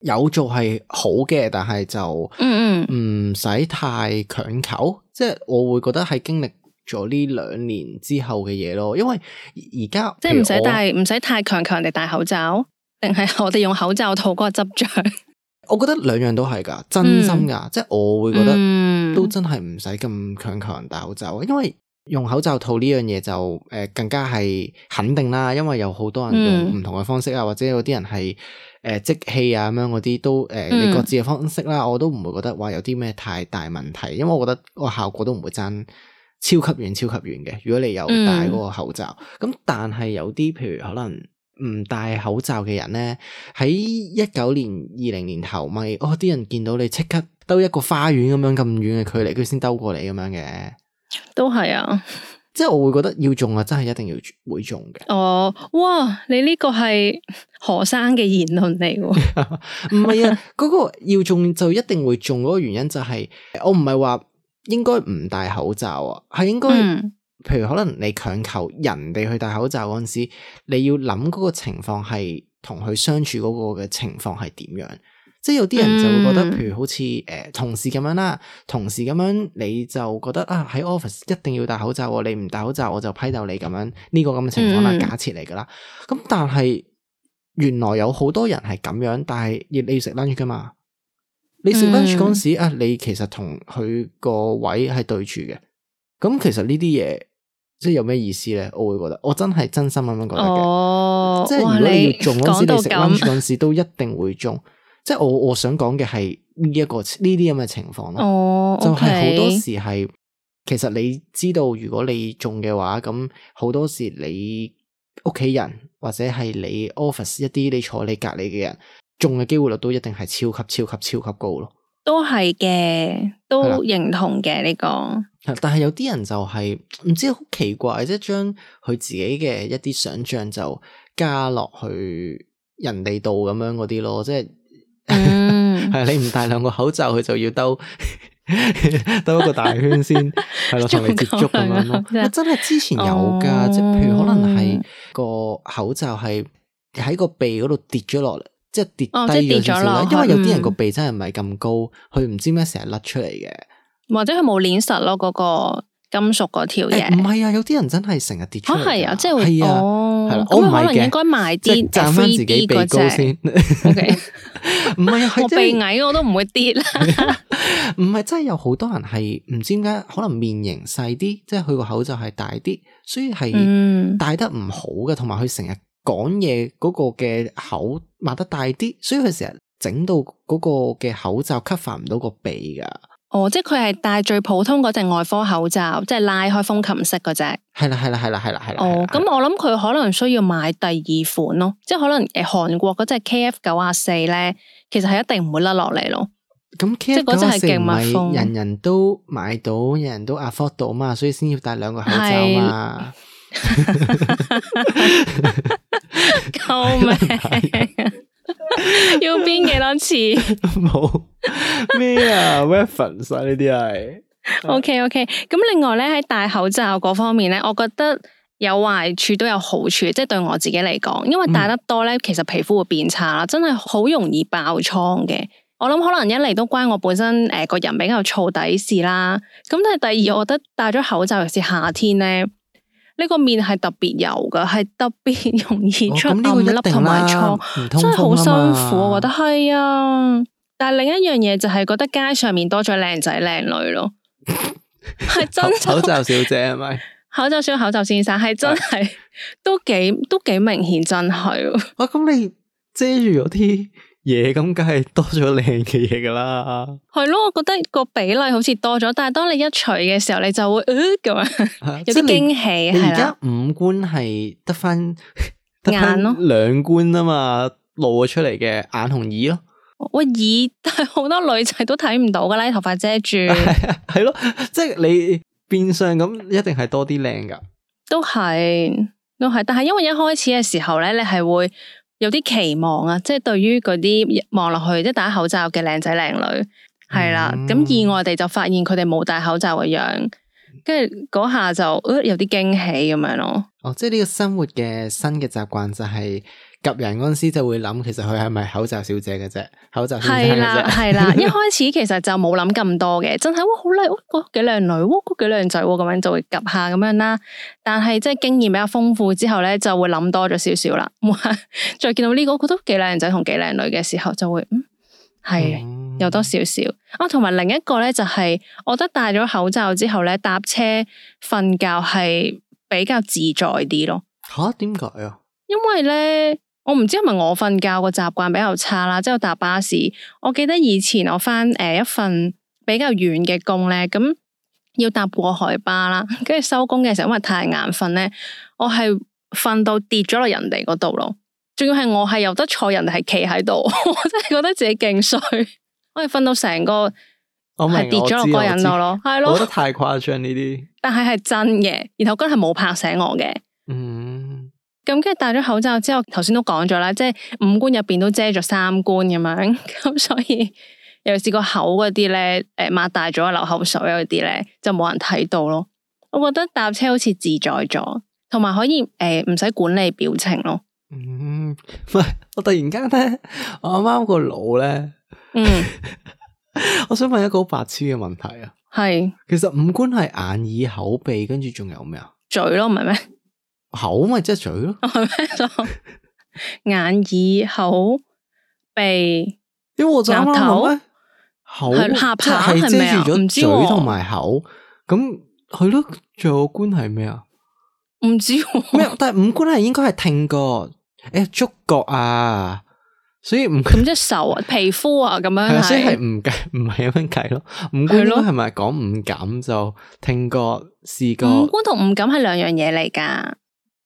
有做係好嘅，但係就嗯，嗯唔使太強求。即係我會覺得喺經歷咗呢兩年之後嘅嘢咯，因為而家即係唔使戴，唔使太強求人哋戴口罩，定係我哋用口罩套嗰個執著。Shit yeah, um, 我覺得兩樣都係㗎，真心㗎，嗯、即係我會覺得、嗯、都真係唔使咁強求人戴口罩，因為用口罩套呢樣嘢就誒、呃、更加係肯定啦，因為有好多人用唔同嘅方式啊，嗯、或者有啲人係誒即棄啊咁樣嗰啲都誒、呃，你各自嘅方式啦，我都唔會覺得話有啲咩太大問題，因為我覺得個效果都唔會爭超級遠超級遠嘅。如果你有戴嗰個口罩，咁、嗯、但係有啲譬如可能。唔戴口罩嘅人咧，喺一九年、二零年頭，咪哦啲人見到你，即刻兜一個花園咁樣，咁遠嘅距離，佢先兜過你咁樣嘅，都係啊，即係我會覺得要中啊，真係一定要會中嘅。哦，哇，你呢個係何生嘅言論嚟？唔 *laughs* 係 *laughs* 啊，嗰、那個要中就一定會中嗰個原因就係、是，我唔係話應該唔戴口罩啊，係應該、嗯。譬如可能你強求人哋去戴口罩嗰陣時，你要諗嗰個情況係同佢相處嗰個嘅情況係點樣？即係有啲人就會覺得，嗯、譬如好似誒同事咁樣啦，同事咁樣你就覺得啊喺 office 一定要戴口罩，你唔戴口罩我就批鬥你咁樣，呢個咁嘅情況係、嗯、假設嚟噶啦。咁但係原來有好多人係咁樣，但係要你要食 lunch 噶嘛？你食 lunch 嗰陣時、嗯、啊，你其實同佢個位係對住嘅。咁其實呢啲嘢即係有咩意思咧？我會覺得我真係真心咁樣覺得嘅，即係如果你要中嗰時，你食 lunch 嗰時 *laughs* 都一定會中。即係我我想講嘅係呢一個呢啲咁嘅情況咯。Oh, okay. 就係好多時係其實你知道，如果你中嘅話，咁好多時你屋企人或者係你 office 一啲你坐你隔籬嘅人中嘅機會率都一定係超，超級超級超級高咯。都係嘅，都認同嘅呢個。吧但係有啲人就係、是、唔知好奇怪，即係將佢自己嘅一啲想象就加落去人哋度咁樣嗰啲咯，即係係、嗯、 *laughs* 你唔戴兩個口罩，佢就要兜 *laughs* 兜一個大圈先，係咯， *laughs* 同你接觸咁樣咯。真係之前有噶，哦、即係譬如可能係個口罩係喺個鼻嗰度跌咗落嚟，即係跌低咗少少、哦、因為有啲人個鼻真係唔係咁高，佢唔、嗯、知咩成日甩出嚟嘅。或者佢冇 lin 實咯，嗰個金屬嗰條嘢唔係啊。有啲人真係成日跌出嚟，係啊，即係哦。咁可能應該賣啲，賺翻自己鼻高先。唔係我鼻矮，我都唔會跌啦。唔係真係有好多人係唔知點解，可能面型細啲，即係佢個口罩係大啲，所以係戴得唔好嘅。同埋佢成日講嘢嗰個嘅口擘得大啲，所以佢成日整到嗰個嘅口罩吸發唔到個鼻噶。哦，即係佢係戴最普通嗰隻外科口罩，即係拉開風琴式嗰隻。係啦，係 *noise* 啦樂，係啦，係啦，係啦。哦，咁 *music* 我諗佢可能需要買第二款咯，即係可能誒，韓國嗰隻 K F 九啊四咧，其實係一定唔會甩落嚟咯。咁 K 係嗰隻係勁密，人人都買到，人人都 afford 到嘛，所以先要戴兩個口罩嘛。是 *laughs* 救命！ *music* *laughs* 要邊幾多次？冇咩啊？咩粉晒呢啲係？OK OK。咁另外咧喺戴口罩嗰方面咧，我覺得有壞處都有好處，即、就、係、是、對我自己嚟講，因為戴得多咧，其實皮膚會變差啦，真係好容易爆瘡嘅。我諗可能一嚟都關我本身誒、呃、個人比較燥底事啦，咁但係第二，我覺得戴咗口罩，尤其是夏天咧。呢個面係特別油㗎，係特別容易出斑，哦嗯這個、粒同埋瘡，通真係好辛苦啊。我覺得係啊，但係另一樣嘢就係覺得街上面多咗靚仔靚女咯，係 *laughs* *laughs* 真的口罩小姐係咪？ *laughs* 口罩小口罩先生係真係的都幾都幾明顯，真係。我咁、啊、你遮住咗啲？嘢咁，梗係多咗靚嘅嘢噶啦。係咯，我覺得個比例好似多咗，但係當你一除嘅時候，你就會誒、呃、咁 *laughs* 啊，有啲驚喜。而家五官係得翻眼咯，兩官啊嘛，露咗出嚟嘅眼同耳咯。喂，耳，但係好多女仔都睇唔到噶啦，你頭髮遮住。係咯， *laughs* 即、就、係、是、你變相咁，一定係多啲靚噶。都係，都係，但係因為一開始嘅時候咧，你係會。有啲期望啊，即係對於嗰啲望落去，即係戴口罩嘅靚仔靚女，係啦，咁、嗯、意外地就發現佢哋冇戴口罩嘅樣，跟住嗰下就、呃、有啲驚喜咁樣咯。哦，即係呢個生活嘅新嘅習慣就係、是。及人嗰陣時就會諗，其實佢係咪口罩小姐嘅啫？口罩小姐嘅啫。係啦，係啦，一開始其實就冇諗咁多嘅，真係，哇，好靚，哇，幾靚女，哇，幾靚仔，咁樣就會夾下咁樣啦。但係即係經驗比較豐富之後咧，就會諗多咗少少啦。再見到呢個，覺得幾靚仔同幾靚女嘅時候，就會，嗯，係，有多少少。啊，同埋另一個咧，就係，我覺得戴咗口罩之後咧，搭車瞓覺係比較自在啲咯。吓？點解啊？因為咧。我唔知係咪我瞓覺個習慣比較差啦，即係我搭巴士。我記得以前我翻、誒、呃、一份比較遠嘅工咧，咁要搭過海巴啦，跟住收工嘅時候，因為太眼瞓咧，我係瞓到跌咗落人哋嗰度咯。仲要係我係有得坐人，人哋係企喺度，我真係覺得自己勁衰。我係瞓到成個係跌咗落個人度咯，係咯，oh。我覺得太誇張呢啲，但係係真嘅，然後覺得係冇拍醒我嘅。嗯、mm。Hmm. 咁跟住戴咗口罩之後，頭先都講咗啦，即係五官入邊都遮咗三官咁樣，咁 *laughs* 所以尤其是個口嗰啲咧，誒、呃，擘大咗流口水嗰啲咧，就冇人睇到咯。我覺得搭車好似自在咗，同埋可以誒，唔、呃、使管理表情咯。嗯，唔我突然間咧，我啱啱個腦咧，嗯， *laughs* 我想問一個好白痴嘅問題啊，係是，其實五官係眼耳口鼻，跟住仲有咩啊？嘴咯，唔係咩？口咪即係嘴咯，眼、耳、口、鼻，因為我扎頭咩？口下巴係遮住咗嘴同埋口，咁係咯？五官係咩啊？唔知，但係五官係應該係聽覺，誒，觸覺啊，所以唔咁即係手啊，皮膚啊咁樣，所以係唔計，唔係咁樣計咯，五官咯，係咪講五感就聽覺、視覺？五官同五感係兩樣嘢嚟噶。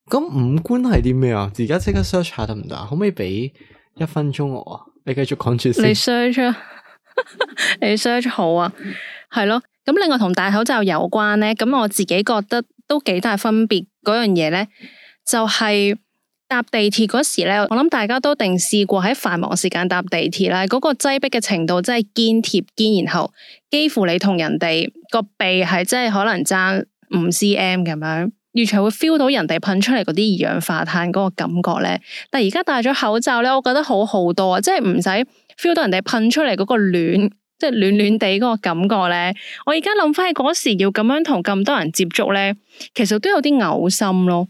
咁五官係啲咩啊？而家即刻 search 下得唔得？可唔可以俾一分鐘我啊？你繼續講住先。你 search，啊！你 search 好啊， *laughs* 係咯。咁另外同戴口罩有關咧，咁我自己覺得都幾大分別嗰樣嘢咧,就係、是、搭地鐵嗰時咧，我諗大家都定試過喺繁忙時間搭地鐵啦，嗰、嗰個擠逼嘅程度真係堅貼堅，然後幾乎你同人哋個鼻係真係可能爭五 cm 咁樣。完全會 feel 到人哋噴出嚟嗰啲二氧化碳嗰個感覺咧，但係而家戴咗口罩咧，我覺得好好多，即係唔使 feel 到人哋噴出嚟嗰個暖，即係暖暖地嗰個感覺咧。我而家諗翻起嗰時要咁樣同咁多人接觸咧，其實都有啲嘔心咯。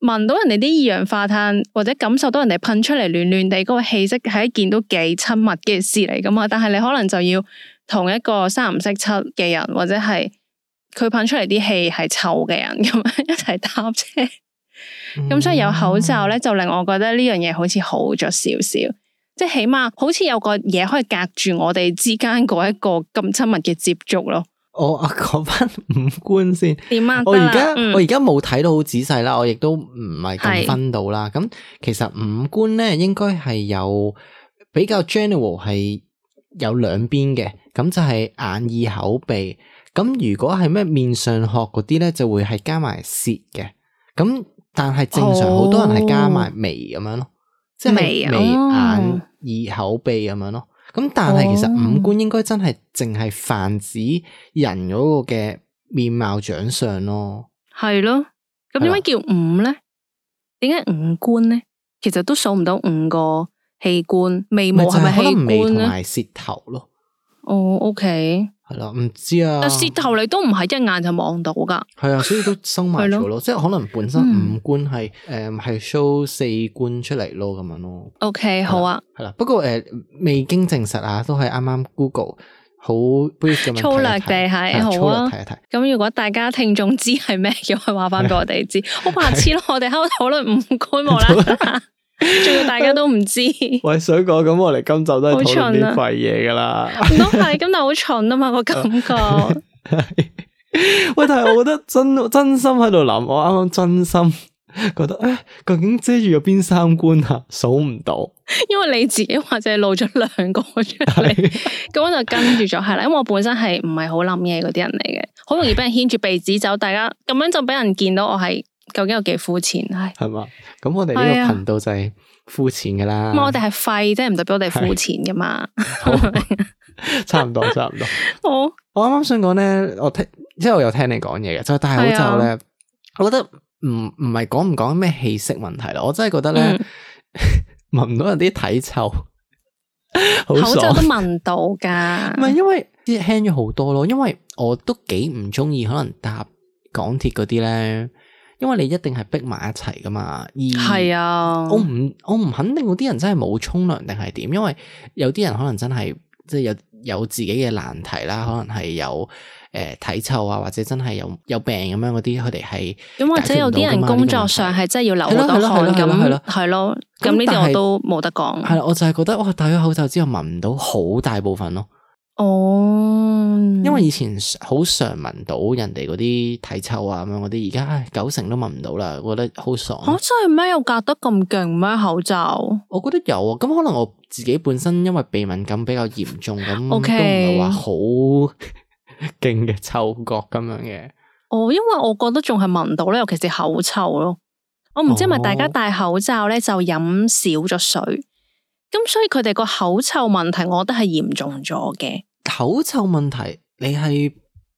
聞到人哋啲二氧化碳，或者感受到人哋噴出嚟暖暖地嗰個氣息，係一件都幾親密嘅事嚟噶嘛。但係你可能就要同一個三唔識七嘅人，或者係。佢噴出嚟啲氣係臭嘅人咁樣 *laughs* 一齊搭車，咁 *laughs* 所以有口罩咧就令我覺得呢樣嘢好似好咗少少，即係起碼好似有個嘢可以隔住我哋之間嗰一個咁親密嘅接觸咯。我、哦、啊講翻五官先，點啊？我而家、啊、我而家冇睇到好仔細啦，我亦都唔係咁分到啦。咁是其實五官咧應該係有比較 general 係有兩邊嘅，咁就係眼、耳、口、鼻。咁如果係咩面相學嗰啲咧，就會係加埋舌嘅。咁但係正常好多人係加埋眉咁樣咯，哦、即係眉眼耳、哦、口鼻咁樣咯。咁但係其實五官應該真係淨係泛指人嗰個嘅面貌長相咯。係咯，咁點解叫五咧？點解五官咧？其實都數唔到五個器官，眉毛係咪器官同埋舌頭咯？哦，oh，OK，係啦，唔知啊，但係舌頭你都唔係一眼就望到噶，係啊， *laughs* 所以都收埋咗咯，即係可能本身五官係誒係 show 四官出嚟咯，咁樣咯。OK， *laughs* sí üf ule 好啊，係啦，不過誒未經證實啊，都係啱啱 Google 好 brief 粗略地係好啊，睇一睇。咁如果大家聽眾知係咩叫可以話翻俾我哋知。好白痴咯，我哋喺度討論五官冇啦啦。仲要大家都唔知， *laughs* 喂水果咁笨、啊， *laughs* 我哋今集都係好蠢啲廢嘢噶啦，都係咁，但係好蠢啊嘛個感覺。 *laughs* 喂，但係我覺得真 *laughs* 真心喺度諗，我啱啱真心覺得誒、哎，究竟遮住咗邊三觀啊，數唔到。因為你自己或者係露咗兩個出嚟，咁 *laughs* *laughs* 我就跟住咗係啦。因為我本身係唔係好諗嘢嗰啲人嚟嘅，好容易俾人牽住鼻子走。大家咁樣就俾人見到我係。 *laughs* 究竟有幾膚淺？係係嘛？咁我哋呢個頻道、啊、就係膚淺噶啦。咁我哋係廢，即係唔代表我哋膚淺噶嘛？ *laughs* 差唔多， *laughs* 差唔多。 *laughs* 好我我啱啱想講咧，我聽，即係我有聽你講嘢嘅，就戴口罩咧，啊、我覺得唔唔係講唔講咩氣息問題咯，我真係覺得咧聞唔到人啲體臭， *laughs* 爽 *laughs* 口罩都聞到噶。唔係 *laughs* 因為啲輕咗好多咯，因為我都幾唔中意可能搭港鐵嗰啲咧。因為你一定係逼埋一齊噶嘛，而係啊，我唔我唔肯定，有啲人真係冇沖涼定係點？因為有啲人可能真係即係有有自己嘅難題啦，可能係有誒、呃、體臭啊，或者真係有有病咁樣嗰啲，佢哋係咁，或者有啲人工作上係真係要流好多汗咁，係咯，咁呢？啲、啊、我都冇得講。係啦，我就係覺得哇，戴、哦、咗口罩之後聞唔到好大部分咯。哦，oh, 因為以前好常聞到人哋嗰啲體臭啊，咁樣嗰啲，而家九成都聞唔到啦，我覺得好爽。真係咩？有隔得咁勁咩？口罩？我覺得有啊，咁可能我自己本身因為鼻敏感比較嚴重，咁 Okay. 都唔係話好勁嘅嗅覺咁樣嘅。哦，因為我覺得仲係聞到咧，尤其是口臭咯。我唔知係咪大家戴口罩咧就飲少咗水。咁所以佢哋個口臭問題，我覺得係嚴重咗嘅。口臭問題，你係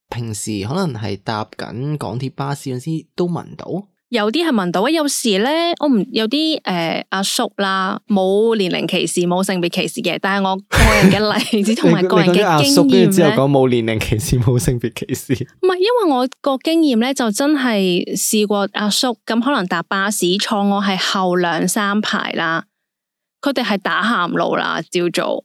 平時可能係搭緊港鐵巴士嗰陣時都聞到，有啲係聞到，有時咧我唔有啲誒、呃、阿叔啦，冇年齡歧視，冇性別歧視嘅。但係我個人嘅例子同埋 *laughs* 你個人嘅經驗咧，說說阿叔，然後之後講冇年齡歧視，冇性別歧視，唔係因為我個經驗咧就真係試過阿叔咁，可能搭巴士坐我係後兩三排啦。佢哋係打喊路啦，照做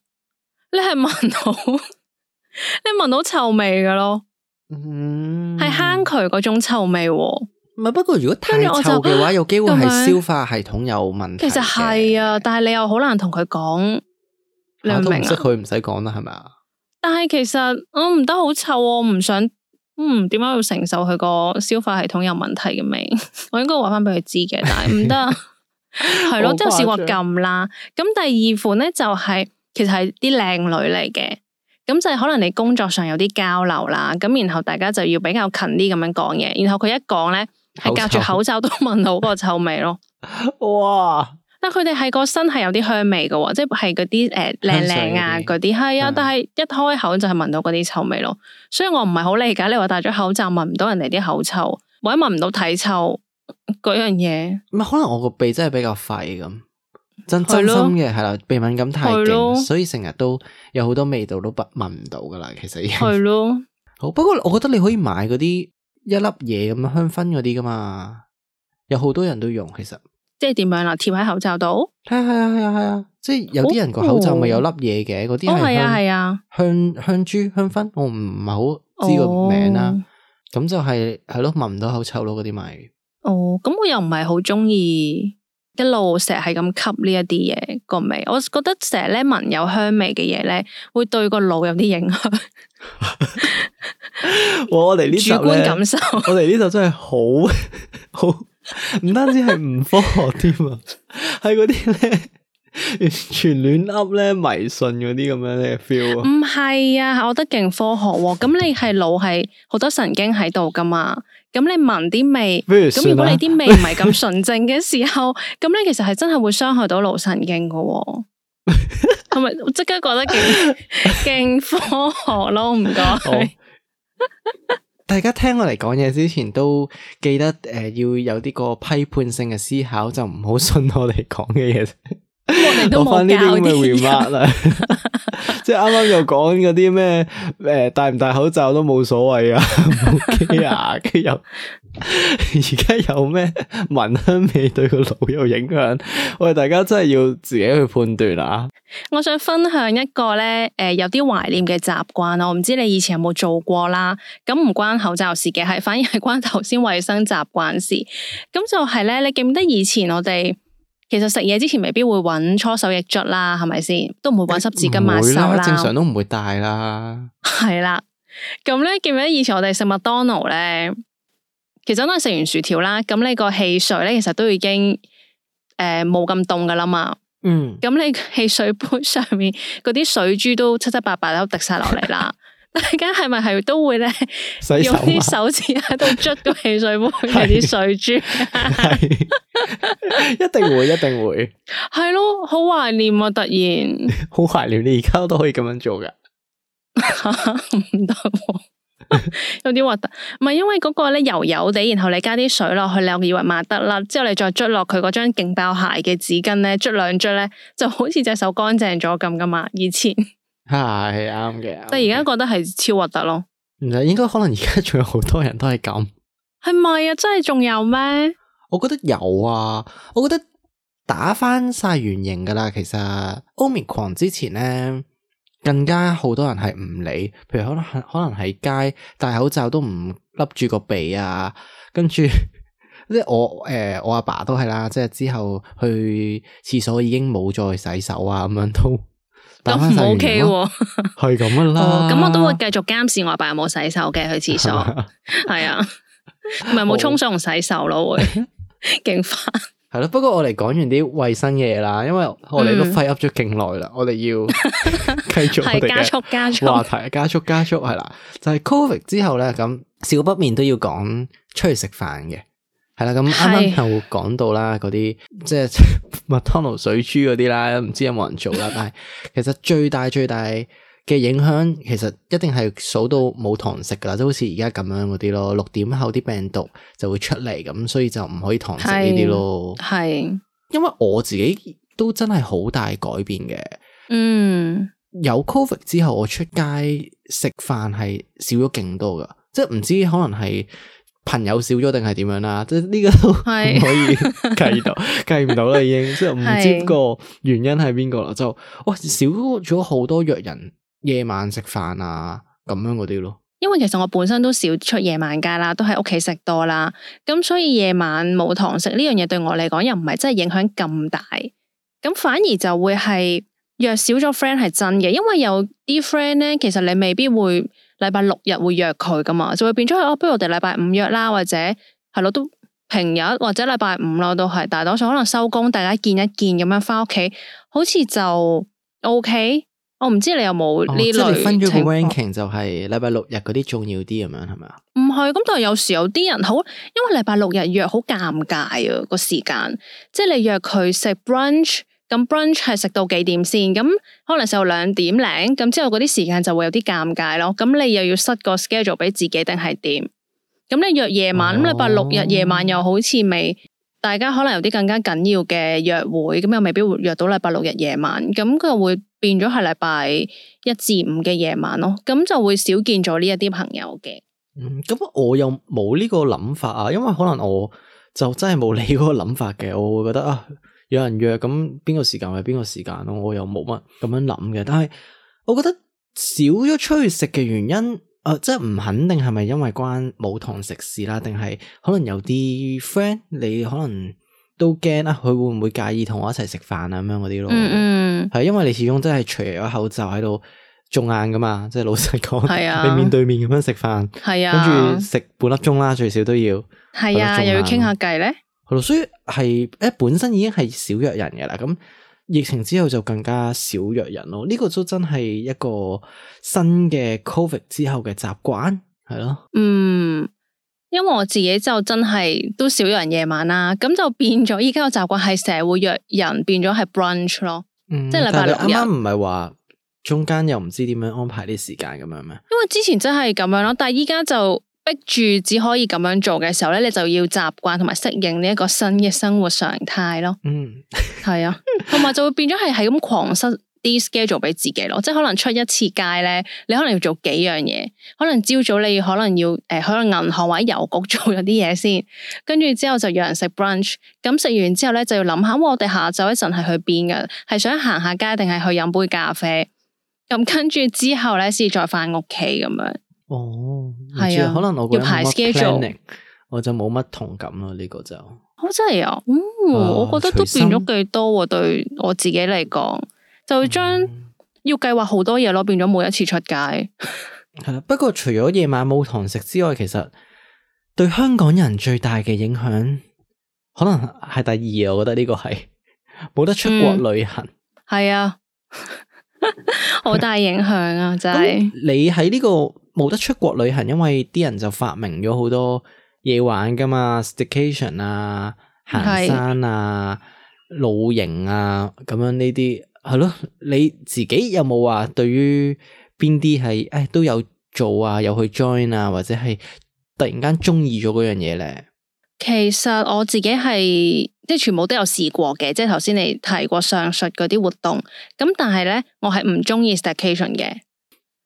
你係聞到， *laughs* 你聞到臭味嘅咯，係、嗯、坑渠嗰種臭味。唔係，不過如果太臭嘅話，啊、有機會係消化系統有問題。其實係啊，但係你又好難同佢講，你明啊？佢唔使講啦，係咪啊？但係其實我唔得好臭，我唔想，唔點解要承受佢個消化系統有問題嘅味？ *laughs* 我應該話翻俾佢知嘅，但係唔得。 *laughs* 係咯，即係試過撳啦。咁、呃、第二款咧就係、是，其實係啲靚女嚟嘅。咁就係可能你工作上有啲交流啦。咁然後大家就要比較近啲咁樣講嘢。然後佢一講咧，係隔住口罩都聞到個臭味咯。 *laughs* 哇！但佢哋係個身係有啲香味嘅，即係嗰啲誒靚靚啊嗰啲係啊。但係一開口就係聞到嗰啲臭味咯。所以我唔係好理解你話戴咗口罩聞唔到人哋啲口臭，或者聞唔到體臭。嗰樣嘢，唔係可能我個鼻真係比較廢咁，真真心嘅係啦，鼻敏感太勁，所以成日都有好多味道都不聞唔到噶啦。其實係咯，好不過我覺得你可以買嗰啲一粒嘢咁香薰嗰啲噶嘛，有好多人都用。其實即係點樣啦？貼喺口罩度？係啊係啊係啊係啊，即係有啲人個口罩咪有粒嘢嘅，嗰啲係啊係啊香香珠香薰，我唔係好知個名啦。咁就係係咯聞唔到口臭咯，嗰啲咪。哦，咁我又唔係好中意一路成日係咁吸呢一啲嘢個味，我覺得成日咧聞有香味嘅嘢咧會對個腦有啲影響 *laughs* *laughs* 我哋呢首咧呢度，感受 *laughs* 我哋呢度真係好好，唔單止係唔科學添啊，係嗰啲咧完全亂噏咧迷信嗰啲咁樣嘅 feel 啊！唔係啊，我覺得勁科學，啊，咁你係腦係好多神經喺度噶嘛？咁你聞啲味，咁如，如果你啲味唔係咁純正嘅時候，咁咧 *laughs* 其實係真係會傷害到腦神經噶，哦。係咪， *laughs* 即刻覺得幾勁 *laughs* 科學咯，唔該。好 *laughs* 大家聽我嚟講嘢之前，都記得誒，呃、要有啲個批判性嘅思考，就唔好信我哋講嘅嘢。講翻呢啲咁嘅 remark 啦，即係啱啱又講嗰啲咩誒，戴唔戴口罩都冇所謂啊，冇機 *laughs* 啊，又而家有咩聞香味對個腦有影響？喂，大家真係要自己去判斷啊！ *laughs* 我想分享一個咧，誒，有啲懷念嘅習慣我唔知你以前有冇做過啦。咁唔關口罩事嘅，係反而係關頭先衛生習慣事。咁就係咧，你記唔記得以前我哋？其實食嘢之前未必會揾搓手液捽啦，係咪先？都唔會揾濕紙巾抹手啦,啦。正常都唔會帶啦,、嗯、啦。係啦，咁咧記唔記得以前我哋食麥當勞咧？其實嗰陣食完薯條啦，咁你個汽水咧，其實都已經誒冇咁凍噶啦嘛。嗯。咁你汽水杯上面嗰啲水珠都七七八八都滴晒落嚟啦。大家係咪係都會咧用啲手指喺度捽嗰汽水杯嘅啲水珠？係， *laughs* *laughs* *laughs* 一定會，一定會。係咯， *laughs* 好懷念啊！突然，好懷念你而家都可以咁樣做噶。唔得 *laughs* 行嗎， *laughs* 有啲核突。唔係 *laughs* 因為嗰個咧油油地，然後你加啲水落去，你又以為抹得甩，之後你再捽落佢嗰張勁爆鞋嘅紙巾咧，捽兩捽咧，就好似隻手乾淨咗咁噶嘛，以前。 *laughs* 係啱嘅，哎、但係而家覺得係超核突咯。唔係應該可能而家仲有好多人都係咁，係咪啊？真係仲有咩？我覺得有啊。我覺得打翻晒原形噶啦。其實 Omicron 之前咧，更加好多人係唔理，譬如可能可能喺街戴口罩都唔笠住個鼻啊，跟住即係我誒，我阿、呃、爸都係啦，即係之後去廁所已經冇再洗手啊，咁樣都。 *laughs* 都唔 OK 喎，係咁噶啦。咁、哦、我都會繼續監視我阿爸，爸有冇洗手嘅，去廁所，係啊嗎，唔係冇沖水同洗手咯，會勁翻。係咯，不過我哋講完啲衛生嘅嘢啦，因為我哋都費 up 咗勁耐啦， *laughs* *laughs* *laughs* 繼我哋要繼續加速加速話題，加速加速係啦，就係、是、Covid 之後咧，咁少不免都要講出去食飯嘅。係啦，咁啱啱又講到啦，嗰啲即係麥當勞水珠嗰啲啦，唔知有冇人做啦。 *laughs* 但係其實最大最大嘅影響，其實一定係數到冇堂食㗎喇，即好似而家咁樣嗰啲咯。六點後啲病毒就會出嚟咁，所以就唔可以堂食呢啲咯。係，因為我自己都真係好大改變嘅。嗯，有 Covid 之後，我出街食飯係少咗勁多㗎，即係唔知可能係。朋友少咗定係點樣啦？即係呢個都唔可以計到，計唔到啦已經，即係唔知個原因係邊個咯？ *laughs* 是就哇、哦、少咗好多約人夜晚食飯啊咁樣嗰啲咯。因為其實我本身都少出夜晚街啦，都喺屋企食多啦，咁所以夜晚冇堂食呢樣嘢對我嚟講又唔係真係影響咁大，咁反而就會係約少咗 friend 係真嘅，因為有啲 friend 咧，其實你未必會。禮拜六日會約佢噶嘛，就會變咗哦。不如我哋禮拜五約啦，或者係咯都平日或者禮拜五啦都係。大多數可能收工，大家見一見咁樣返屋企，好似就 OK。我唔知你有冇呢類情況。哦、即係分咗個 ranking，就係禮拜六日嗰啲重要啲咁樣，係咪啊？唔係，咁但係有時有啲人好，因為禮拜六日約好尷尬啊、個時間，即係你約佢食 brunch。咁 brunch 係食到幾點先？咁可能就兩點零，咁之後嗰啲時間就會有啲尷尬咯。咁你又要 set 個 schedule 俾自己定係點？咁你約夜晚，咁禮拜六日夜晚又好似未，大家可能有啲更加緊要嘅約會，咁又未必會約到禮拜六日夜晚。咁佢會變咗係禮拜一至五嘅夜晚咯，咁就會少見咗呢一啲朋友嘅。嗯，咁我又冇呢個諗法啊，因為可能我就真係冇你嗰個諗法嘅，我會覺得啊。有人約咁邊個時間係邊個時間咯？我又冇乜咁樣諗嘅。但係我覺得少咗出去食嘅原因，誒、呃，即係唔肯定係咪因為關冇堂食事啦？定係可能有啲 friend 你可能都驚啊，佢會唔會介意同我一齊食飯啊？咁樣嗰啲咯，嗯嗯，係因為你始終真係除咗口罩喺度仲硬噶嘛，即係老實講，你、啊、面對面咁樣食飯，係啊，跟住食半粒鐘啦，最少都要，係啊，又要傾下偈咧。所以係誒，本身已經係少約人嘅啦。咁疫情之後就更加少約人咯。呢、這個都真係一個新嘅 Covid 之後嘅習慣，係咯。嗯，因為我自己就真係都少約人夜晚啦。咁就變咗，而家個習慣係成日會約人，變咗係 brunch 咯。嗯、即係禮拜六日。但係你啱啱唔係話中間又唔知點樣安排啲時間咁樣咩？因為之前真係咁樣咯，但係而家就。逼住只可以咁樣做嘅時候咧，你就要習慣同埋適應呢一個新嘅生活常態咯。 *laughs* 嗯，係啊，同埋就會變咗係係咁狂塞啲 schedule 俾自己咯。即係可能出一次街咧，你可能要做幾樣嘢。可能朝早你可能要誒去、呃、銀行或者郵局做咗啲嘢先，跟住之後就約人食 brunch。咁食完之後咧就要諗下，我哋下晝一陣係去邊嘅，係想行下街定係去飲杯咖啡？咁跟住之後咧先再翻屋企咁樣。哦，係啊，可能我嘅要排 schedule 我就冇乜同感咯。呢、這個就，我、哦、真係啊，嗯，我覺得都變咗幾多、啊。心對我自己嚟講，就將要計劃好多嘢咯，變咗每一次出街係啦、嗯。不過除咗夜晚冇堂食之外，其實對香港人最大嘅影響，可能係第二。我覺得呢個係冇得出國旅行，係、嗯、 *laughs* 啊，好大影響啊！就係 *laughs* 你喺呢、這個。冇得出國旅行，因為啲人就發明咗好多嘢玩噶嘛，staycation 啊、行山啊、露營啊，咁樣呢啲係咯。你自己有冇話對於邊啲係誒都有做啊，有去 join 啊，或者係突然間中意咗嗰樣嘢咧？其實我自己係即係全部都有試過嘅，即係頭先你提過上述嗰啲活動，咁但係咧我係唔中意 staycation 嘅。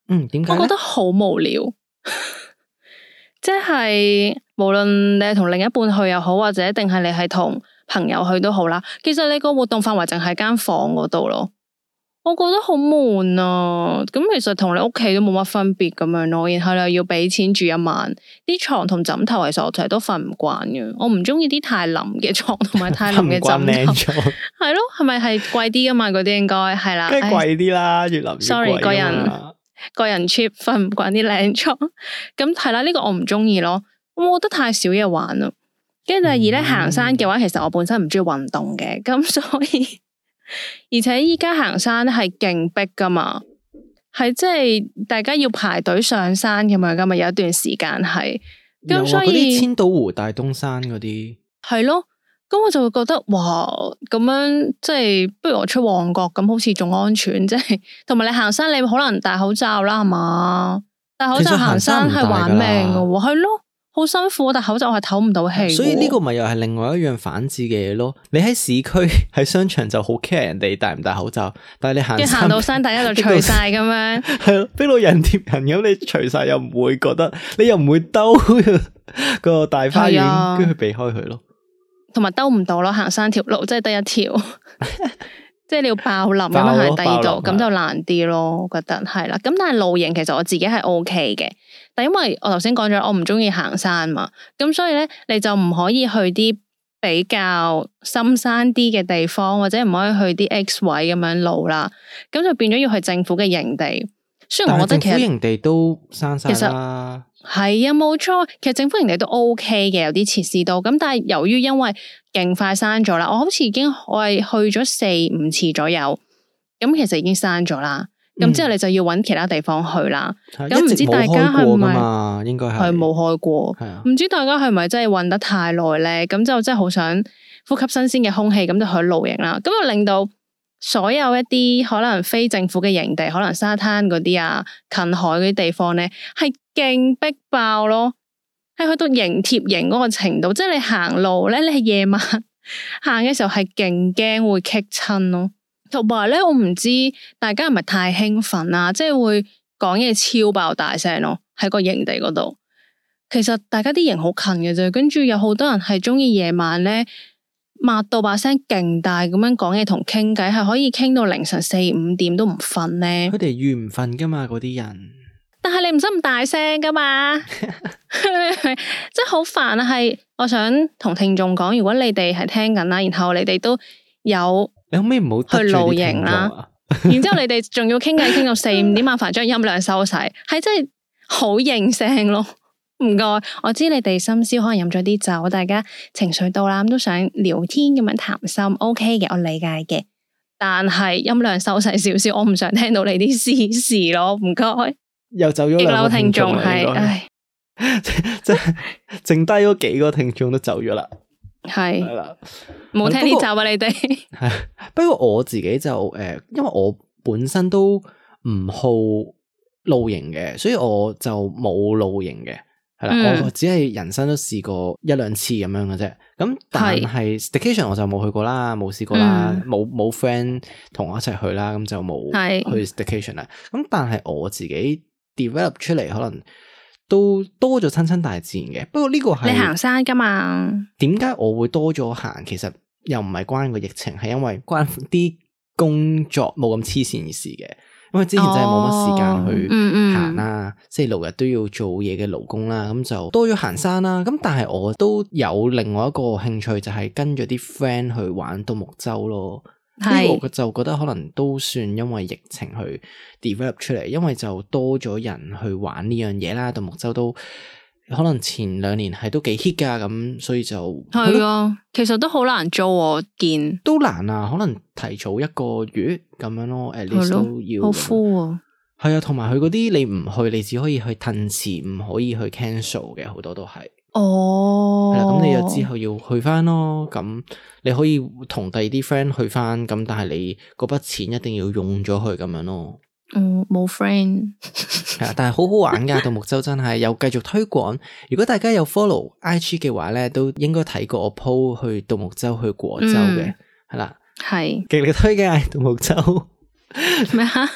嗯，點解？ *laughs* 我覺得好無聊，即係無論你係同另一半去又好，或者定係你係同朋友去都好啦。其實你個活動範圍淨係間房嗰度咯。我覺得好悶啊！咁其實同你屋企都冇乜分別咁樣咯。然後你又要俾錢住一晚，啲床同枕頭其實我成日都瞓唔慣嘅。我唔中意啲太腍嘅床同埋太腍嘅枕頭。係咯 *laughs* 慣，係咪係貴啲噶嘛？嗰啲應該係啦，貴啲啦，越腍。Sorry，個人。個人 cheap 瞓唔慣啲靚床，咁係啦，呢個我唔中意咯。我覺得太少嘢玩咯。跟住第二咧，行山嘅話，其實我本身唔中意運動嘅，咁所以而且依家行山咧係勁逼噶嘛，係即係大家要排隊上山咁樣噶嘛，有一段時間係。咁所以，千島湖、大東山嗰啲。係 *laughs* 咯。咁我就會覺得，哇！咁樣即係，不如我出旺角咁，好似仲安全。即係，同埋你行山，你可能戴口罩啦，係嘛？戴口罩山行山係玩命噶，係咯，好辛苦。戴口罩我係唞唔到氣。所以呢個咪又係另外一樣反智嘅嘢咯。你喺市區喺商場就好 care 人哋戴唔戴口罩，但係你行，行到山大家就除晒咁樣。係咯， *laughs* *laughs* 逼到人貼人咁，你除晒又唔會覺得？你又唔會兜 *laughs* *laughs* 個大花園，跟住、啊、避開佢咯。同埋兜唔到咯，行山條路真係得一條， *laughs* 即係你要爆林咁喺第二度，咁就難啲咯。我覺得係啦。咁但係露營其實我自己係 O K 嘅，但因為我頭先講咗，我唔中意行山嘛，咁所以咧，你就唔可以去啲比較深山啲嘅地方，或者唔可以去啲 X 位咁樣露啦，咁就變咗要去政府嘅營地。雖然我覺得其實營地都山晒啦。其實係啊，冇錯，其實政府營地都 OK 嘅，有啲設施都咁。但係由於因為勁快閂咗啦，我好似已經係去咗四五次左右，咁其實已經閂咗啦。咁、嗯、之後你就要揾其他地方去啦。咁唔的知大家係咪？應該係冇開過，唔的知大家係咪真係混得太耐咧？咁就真係好想呼吸新鮮嘅空氣，咁就去露營啦。咁就令到。所有一啲可能非政府嘅營地，可能沙灘嗰啲啊，近海嗰啲地方呢，係勁逼爆咯，係去到營貼營嗰個程度，即係你行路呢，你係夜晚行嘅時候係勁驚會棘親咯。同埋呢，我唔知大家係咪太興奮啊，即係會講嘢超爆大聲咯、啊，喺個營地嗰度。其實大家啲營好近嘅啫，跟住有好多人係鍾意夜晚呢。罵到把聲勁大咁樣講嘢同傾偈，係可以傾到凌晨四五點都唔瞓咧。佢哋願唔瞓噶嘛，嗰啲人。但係你唔使咁大聲噶嘛，即係好煩啊！係，我想同聽眾講，如果你哋係聽緊啦，然後你哋都有，你可唔可以唔好去露營啦？ *laughs* 然之後你哋仲要傾偈傾到四五點，麻煩將音量收晒，係真係好應聲咯。唔該，我知你哋心燒，可能飲咗啲酒，大家情緒到啦，都想聊天咁樣談心，OK 嘅，我理解嘅。但係音量收細少少，我唔想聽到你啲私事咯。唔該，又走咗幾個聽眾，係唉，即係剩低咗幾個聽眾都走咗啦，係係啦，冇 *laughs* 吧聽啲酒啊，你哋 *laughs* 不，不過我自己就誒、呃，因為我本身都唔好露營嘅，所以我就冇露營嘅。係啦，嗯、我只係人生都試過一兩次咁樣嘅啫。咁但係 Staycation 我就冇去過啦，冇試過啦，冇冇 friend 同我一齊去啦，咁就冇去 Staycation 啦。咁但係我自己 develop 出嚟，可能都多咗親親大自然嘅。不過呢個係你行山噶嘛，點解我會多咗行？其實又唔係關個疫情，係因為關啲工作冇咁黐線事嘅。因為之前真係冇乜時間去行啦，啊，星期六日都要做嘢嘅勞工啦，啊，咁就多咗行山啦，啊。咁但係我都有另外一個興趣，就係、是、跟住啲 friend 去玩獨木舟咯。呢個是就覺得可能都算因為疫情去 develop 出嚟，因為就多咗人去玩呢樣嘢啦，獨木舟都。可能前兩年係都幾 hit 噶咁，所以就係啊，的好其實都好難租，我見都難啊。可能提早一個月咁樣咯，誒的，你都要好 full 啊，係啊、嗯，同埋佢嗰啲你唔去，你只可以去褪遲，唔可以去 cancel 嘅，好多都係哦。係啦、嗯，咁你又之後要去翻咯，咁你可以同第二啲 friend 去翻，咁但係你嗰筆錢一定要用咗佢咁樣咯。哦，冇 friend 係啊， *laughs* 但係好好玩噶，獨木舟真係又繼續推廣。如果大家有 follow IG 嘅話咧，都應該睇過我鋪去獨木舟去廣州嘅係、嗯、啦，係極是力推介獨木舟咩啊？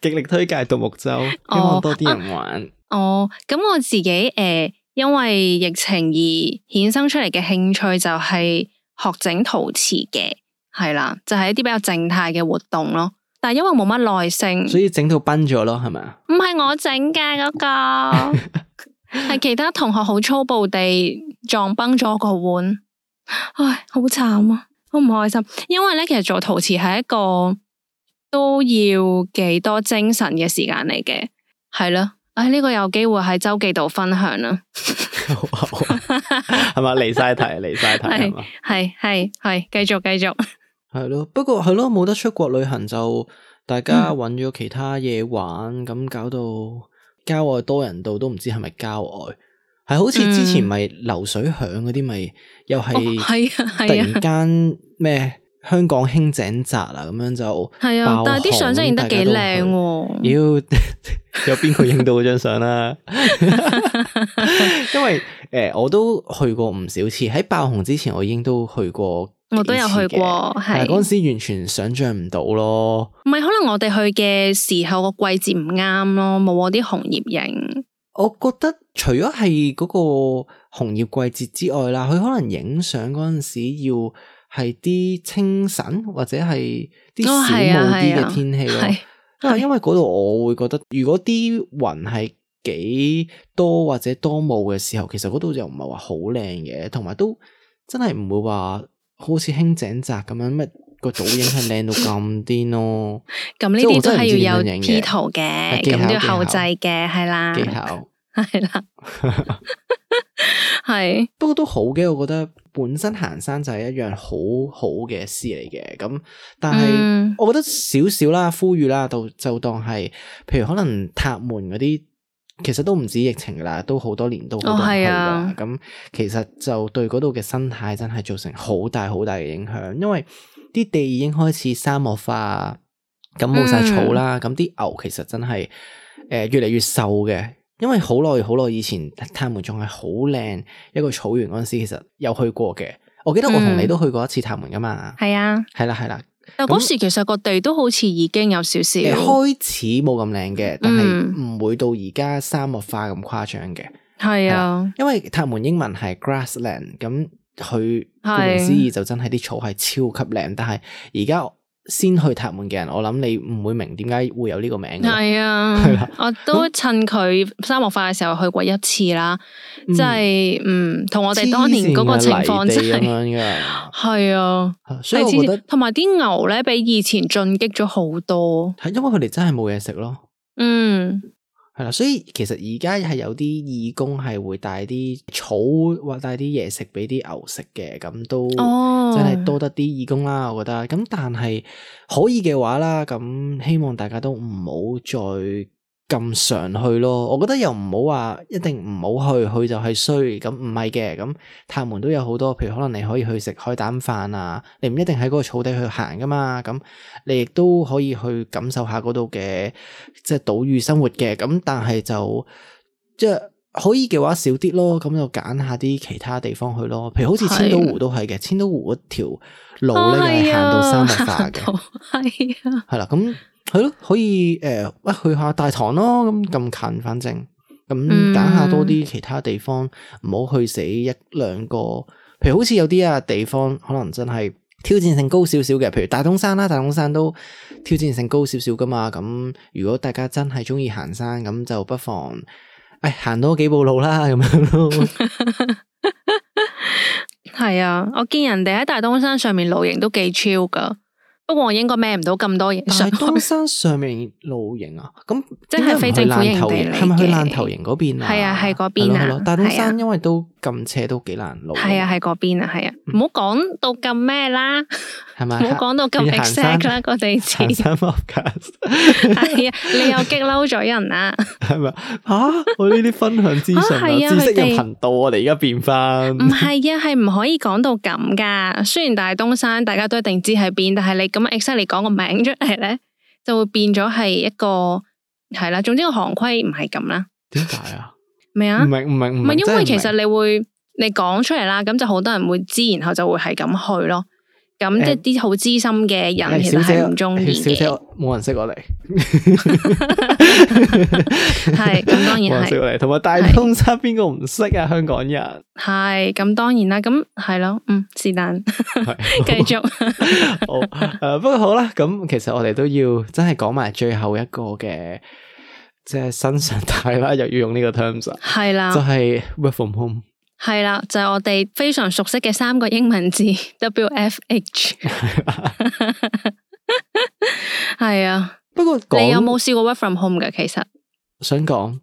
極 *laughs* 麼 *laughs* 力推介獨木舟，哦、希望多啲人玩。哦，咁、啊哦、我自己誒、呃，因為疫情而衍生出嚟嘅興趣就係學整陶瓷嘅，係啦，就係、是、一啲比較靜態嘅活動咯。但係因為冇乜耐性，所以整到崩咗咯，係咪啊？唔係我整嘅嗰個，係 *laughs* 其他同學好粗暴地撞崩咗個碗。唉，好慘啊，好唔開心。因為咧，其實做陶瓷係一個都要幾多精神嘅時間嚟嘅，係咯。唉、哎，呢、這個有機會喺周記度分享啦。係咪？ *laughs* 離晒題，離晒題。係係係，繼續繼續。繼續繼續。係咯，不過係咯，冇得出國旅行就大家揾咗其他嘢玩，咁、嗯、搞到郊外多人度都唔知係咪郊外，係好似之前咪流水響嗰啲咪又係，係、哦、啊，突然間咩香港輕井澤啦咁樣就係啊，但係啲相真係影得幾靚，妖 *laughs* 有邊個影到嗰張相啊？ *laughs* 因為誒、欸，我都去過唔少次，喺爆紅之前我已經都去過。我都有去過，係嗰陣時完全想象唔到咯。唔係可能我哋去嘅時候個季節唔啱咯，冇嗰啲紅葉影。我覺得除咗係嗰個紅葉季節之外啦，佢可能影相嗰陣時要係啲清晨或者係啲少霧啲嘅天氣咯。哦啊啊啊啊、因為嗰度我會覺得，如果啲雲係幾多或者多霧嘅時候，其實嗰度就唔係話好靚嘅，同埋都真係唔會話。好似輕井澤咁樣咩個倒影係靚到咁癲咯，咁呢啲都係要有 P 圖嘅，咁都要後製嘅係啦，技巧係啦，係不過都好嘅，我覺得本身行山就係一樣好好嘅事嚟嘅，咁但係我覺得少少啦，呼籲啦，到就，就當係，譬如可能塔門嗰啲。其實都唔止疫情啦，都好多年都好多人去啦。咁、哦啊、其實就對嗰度嘅生態真係造成好大好大嘅影響，因為啲地已經開始沙漠化，咁冇晒草啦。咁啲、嗯、牛其實真係誒、呃、越嚟越瘦嘅，因為好耐好耐以前，塔門仲係好靚一個草原嗰陣時，其實有去過嘅。我記得我同你都去過一次塔門噶嘛。係、嗯、啊，係啦係啦。但嗰時其實個地都好似已經有少少，開始冇咁靚嘅，但係唔會到而家沙漠化咁誇張嘅，係啊、嗯，因為塔門英文係 grassland，咁佢顧名思義就真係啲草係超級靚，但係而家。先去塔門嘅人，我諗你唔會明點解會有呢個名。係啊，啊我都趁佢沙漠化嘅時候去過一次啦，即係嗯，同、嗯、我哋當年嗰個情況真係，應該係係啊。所以我覺得，同埋啲牛咧，比以前進擊咗好多。係因為佢哋真係冇嘢食咯。嗯。係啦，所以其實而家係有啲義工係會帶啲草或帶啲嘢食俾啲牛食嘅，咁都真係多得啲義工啦，我覺得。咁但係可以嘅話啦，咁希望大家都唔好再。咁常去咯，我覺得又唔好話一定唔好去，去就係衰。咁唔係嘅，咁塔門都有好多，譬如可能你可以去食海膽飯啊，你唔一定喺嗰個草地去行噶嘛。咁你亦都可以去感受下嗰度嘅即係島嶼生活嘅。咁但係就即係可以嘅話少啲咯。咁就揀下啲其他地方去咯。譬如好似千島湖都係嘅，的千島湖嗰條路咧，係行到沙漠化嘅，係啊，係啦，咁。的的 *laughs* 係咯，可以誒，喂、呃，去下大棠咯，咁咁近，反正咁揀下多啲其他地方，唔好去死一兩個。譬如好似有啲啊地方，可能真係挑戰性高少少嘅，譬如大東山啦，大東山都挑戰性高少少噶嘛。咁如果大家真係中意行山，咁就不妨誒行多幾步路啦，咁樣咯。係啊，我見人哋喺大東山上面露營都幾 chill 噶。不過我應該孭唔到咁多嘢。但係大東山上面露營啊，咁真係非政府營地，係咪去爛頭營嗰邊啊？係啊，係嗰邊啊。啊但係大東山因為都咁斜，啊、都幾難露。係啊，係嗰邊啊，係啊，唔好講到咁咩啦。係咪？唔好講到咁 exact 啦，個地址。係啊，你又激嬲咗人啦。係咪？吓，我呢啲分享資訊啊，知識型頻道，我哋而家變翻。唔係啊，係唔可以講到咁噶。雖然大東山大家都一定知係邊，但係你咁 exact 嚟講個名出嚟咧，就會變咗係一個係啦。總之個行規唔係咁啦。點解啊？咩啊？唔明唔明，唔係因為其實你會你講出嚟啦，咁就好多人會知，然後就會係咁去咯。咁即係啲好資深嘅人，其實唔中意嘅。小姐冇人識我嚟，係咁當然我係。同埋大東山邊個唔識啊？是香港人係咁當然啦。咁係咯，嗯，是但的繼 *laughs* 續。好誒、 *laughs* 啊，不過好啦。咁其實我哋都要真係講埋最後一個嘅，即、就、係、是、新常態啦。又要用呢個 terms 啦的，係啦，就係 work from home。係啦，就係、是、我哋非常熟悉嘅三個英文字 W F H。係 *laughs* *laughs* 啊。不過你有冇試過 Work from Home 嘅？其實想講說，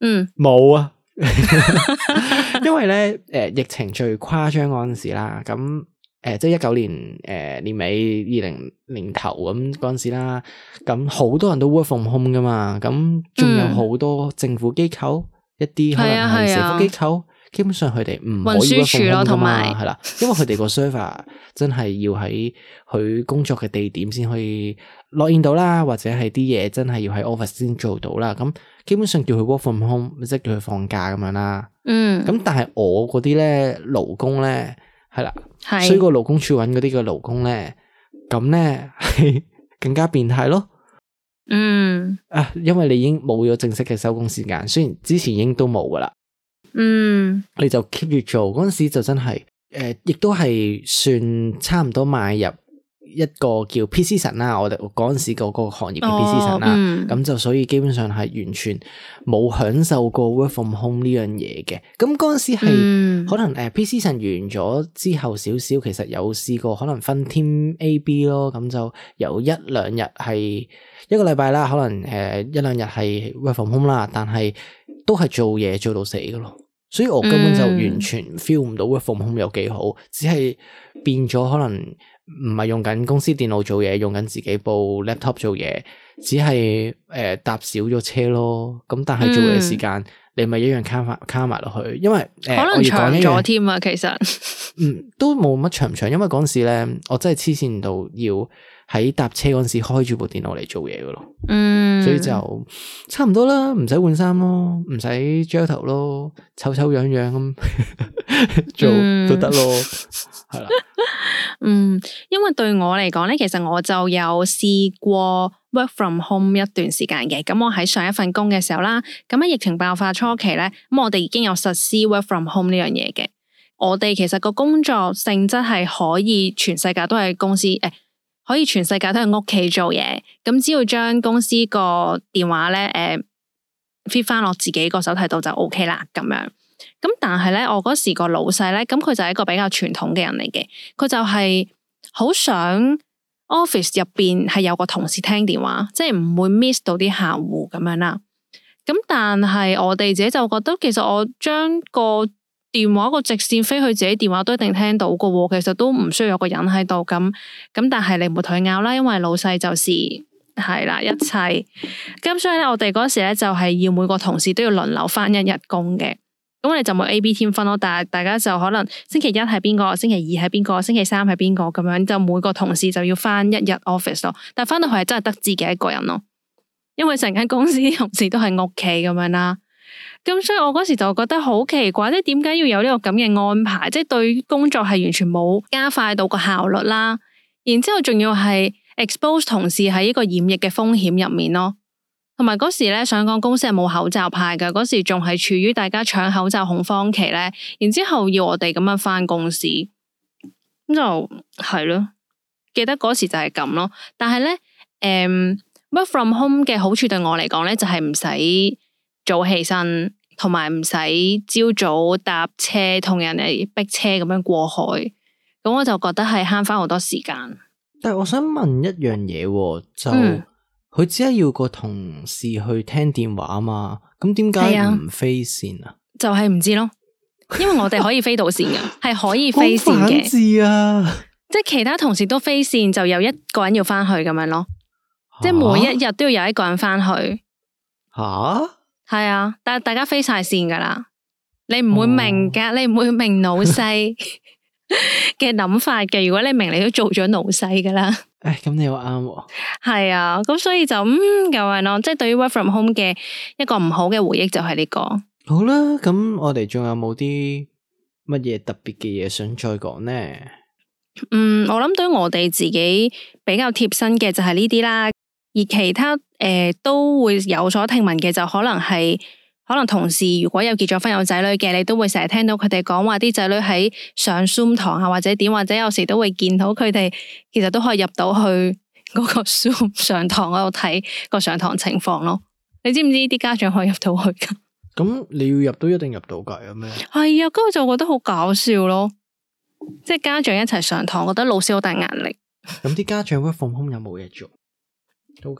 嗯，冇有啊。 *laughs* *laughs* 因為咧，誒、呃，疫情最誇張嗰陣時啦，咁誒、呃，即係一九年誒、呃、年尾二零年頭咁嗰陣時啦，咁好多人都 Work from Home 噶嘛，咁仲有好多政府機構、嗯、一啲可能係社福機構。嗯 *laughs* 基本上佢哋唔可以 work from home 噶嘛，係啦，因為佢哋個 server 真係要喺佢工作嘅地點先可以 login 到啦，或者係啲嘢真係要喺 office 先做到啦。咁基本上叫佢 work from home，咪即係叫佢放假咁樣啦。嗯，咁但係我嗰啲咧勞工咧，係啦，所以個勞工處揾嗰啲嘅勞工咧，咁咧係更加變態咯。嗯，啊，因為你已經冇咗正式嘅收工時間，雖然之前已經都冇噶啦。嗯，你就 keep 住做嗰陣時就真係，誒、呃，亦都係算差唔多買入一個叫 PC 神啦，我哋嗰陣時那個行業嘅 PC 神啦，咁、哦嗯、就所以基本上係完全冇享受過 work from home 呢樣嘢嘅，咁嗰陣時係、嗯、可能誒 PC 神完咗之後少少，其實有試過可能分 team A B 咯，咁就有一兩日係一個禮拜啦，可能誒、呃、一兩日係 work from home 啦，但係，都係做嘢，做到死噶咯，所以我根本就完全 feel 唔到 work from home 有幾好，嗯、只係變咗可能唔係用緊公司電腦做嘢，用緊自己部 laptop 做嘢，只係誒、呃、搭少咗車咯。咁但係做嘢時間、嗯、你咪一樣 cover cover 落去，因為、呃、可能長咗添啊。其實嗯，都冇乜長唔長， *laughs* 因為嗰陣時咧我真係黐線到要。喺搭車嗰時開住部電腦嚟做嘢㗎咯，嗯、所以就差唔多啦，唔使換衫咯，唔使焦頭咯，醜醜樣樣咁做、嗯、都得咯，係啦。嗯，因為對我嚟講咧，其實我就有試過 work from home 一段時間嘅。咁我喺上一份工嘅時候啦，咁喺疫情爆發初期咧，咁我哋已經有實施 work from home 呢樣嘢嘅。我哋其實個工作性質係可以全世界都係公司誒。欸可以全世界都喺屋企做嘢，咁只要將公司個電話咧，誒 fit 翻落自己個手提度就 OK 啦，咁樣。咁但係咧，我嗰時個老細咧，咁佢就係一個比較傳統嘅人嚟嘅，佢就係好想 office 入邊係有個同事聽電話，即係唔會 miss 到啲客戶咁樣啦。咁但係我哋自己就覺得，其實我將個。電話個直線飛去自己電話都一定聽到噶其實都唔需要有個人喺度咁咁。但係你唔會同佢拗啦，因為老細就是係啦，一切咁。所以咧，我哋嗰時咧就係要每個同事都要輪流翻一日工嘅。咁我哋就冇 A、B、team 分咯，但係大家就可能星期一係邊個，星期二係邊個，星期三係邊個咁樣，就每個同事就要翻一日 office 咯。但係翻到去係真係得自己一個人咯，因為成間公司同事都喺屋企咁樣啦。咁所以我嗰時就覺得好奇怪，即點解要有呢個咁嘅安排？即係對工作係完全冇加快到個效率啦。然之後仲要係 expose 同事喺呢個染疫嘅風險入面咯。同埋嗰時咧，想講公司係冇口罩派嘅，嗰時仲係處於大家搶口罩恐慌期咧。然之後要我哋咁樣翻公司咁就係咯。記得嗰時就係咁咯。但係咧，誒 work from home 嘅好處對我嚟講咧就係唔使。早起身，同埋唔使朝早搭車同人哋逼車咁樣過海，咁我就覺得係慳翻好多時間。但係我想問一樣嘢，就佢、嗯、只係要個同事去聽電話啊嘛？咁點解唔飛線啊？就係、是、唔知咯，因為我哋可以飛到線噶，係 *laughs* 可以飛線嘅。知啊，即係其他同事都飛線，就有一個人要翻去咁樣咯，啊、即係每一日都要有一個人翻去。吓、啊？係啊，但係大家飛晒線噶啦，你唔會明噶，哦、你唔會明老細嘅諗法嘅。如果你明，你都做咗老細噶啦。誒、哎，咁你話啱喎。係啊，咁所以就咁咁樣咯。即、嗯、係、就是、對於 Work from Home 嘅一個唔好嘅回憶就係呢、這個。好啦，咁我哋仲有冇啲乜嘢特別嘅嘢想再講呢？嗯，我諗對於我哋自己比較貼身嘅就係呢啲啦，而其他。誒、呃，都會有所聽聞嘅，就可能係可能同事如果有結咗婚有仔女嘅，你都會成日聽到佢哋講話啲仔女喺上 Zoom 堂啊，或者點，或者有時都會見到佢哋，其實都可以入到去嗰個 Zoom 上堂嗰度睇個上堂情況咯。你知唔知啲家長可以入到去噶？咁你要入到一定入到噶咩？係啊，咁、哎、我就覺得好搞笑咯。即係家長一齊上堂，覺得老師好大壓力。咁啲 *laughs* 家長會放空有冇嘢做。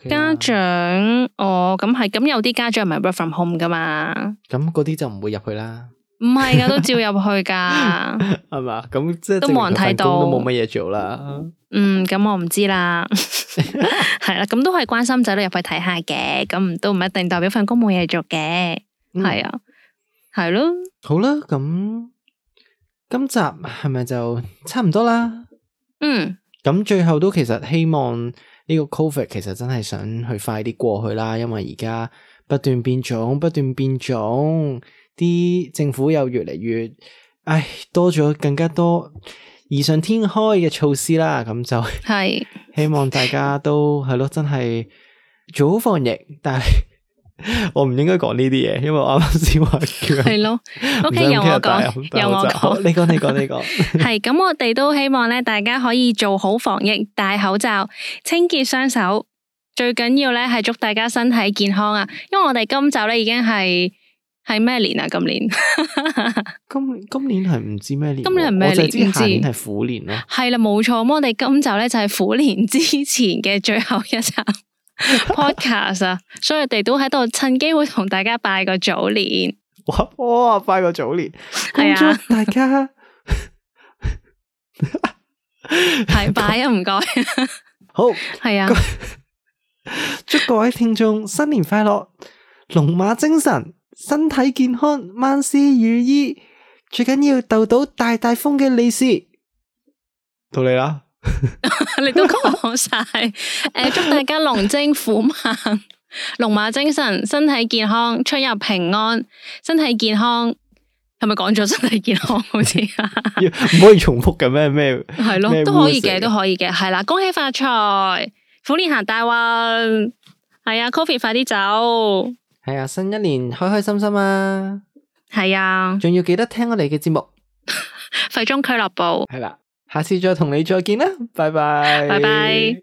家長哦，咁係咁，有啲家長唔係 work from home 噶嘛？咁嗰啲就唔會入去啦。唔係噶，都照入去噶。係嘛？咁即係都冇人睇到，都冇乜嘢做啦。嗯，咁我唔知啦。係啦，咁都係關心仔咯，入去睇下嘅。咁都唔一定代表份工冇嘢做嘅。係啊，係咯。好啦，咁今集係咪就差唔多啦？嗯，咁最後都其實希望。呢個 Covid 其實真係想去快啲過去啦，因為而家不斷變種，不斷變種，啲政府又越嚟越，唉，多咗更加多異想天開嘅措施啦，咁就係是希望大家都係咯，真係做好防疫，但係。我唔應該講呢啲嘢，因為我啱先話係咯。OK，由我講，由我講，你講，你講，你講 *laughs* 。係咁，我哋都希望咧，大家可以做好防疫，戴口罩，清潔雙手，最緊要咧係祝大家身體健康啊！因為我哋今集咧已經係係咩年啊？今年， *laughs* 今今年係唔知咩年？今年係咩年？我哋知下年係虎年啦。係啦，冇錯。錯我哋今集咧就係虎年之前嘅最後一集。Podcast 啊，所以我哋都喺度趁機會同大家拜個早年。哇哇，哦，拜個早年係啊，大家係拜，拜 *laughs* 好啊，唔該。好係啊，祝各位聽眾新年快樂，龍馬精神，身體健康，萬事如意，最緊要鬥到大大風嘅利是。到你啦！ *laughs* 你都講晒，誒！祝大家龍精虎猛、龍馬精神、身，身體健康、出入平安、身體健康係咪講咗身體健康好似啊？唔可以重複嘅咩？咩係咯，都可以嘅，都可以嘅，係啦！恭喜發財，虎年行大運係啊！Coffee 快啲走係啊！新一年開開心心啊！係是啊！仲要記得聽我哋嘅節目廢 *laughs* 中俱樂部係啦。下次再同你再見啦，拜拜，拜拜。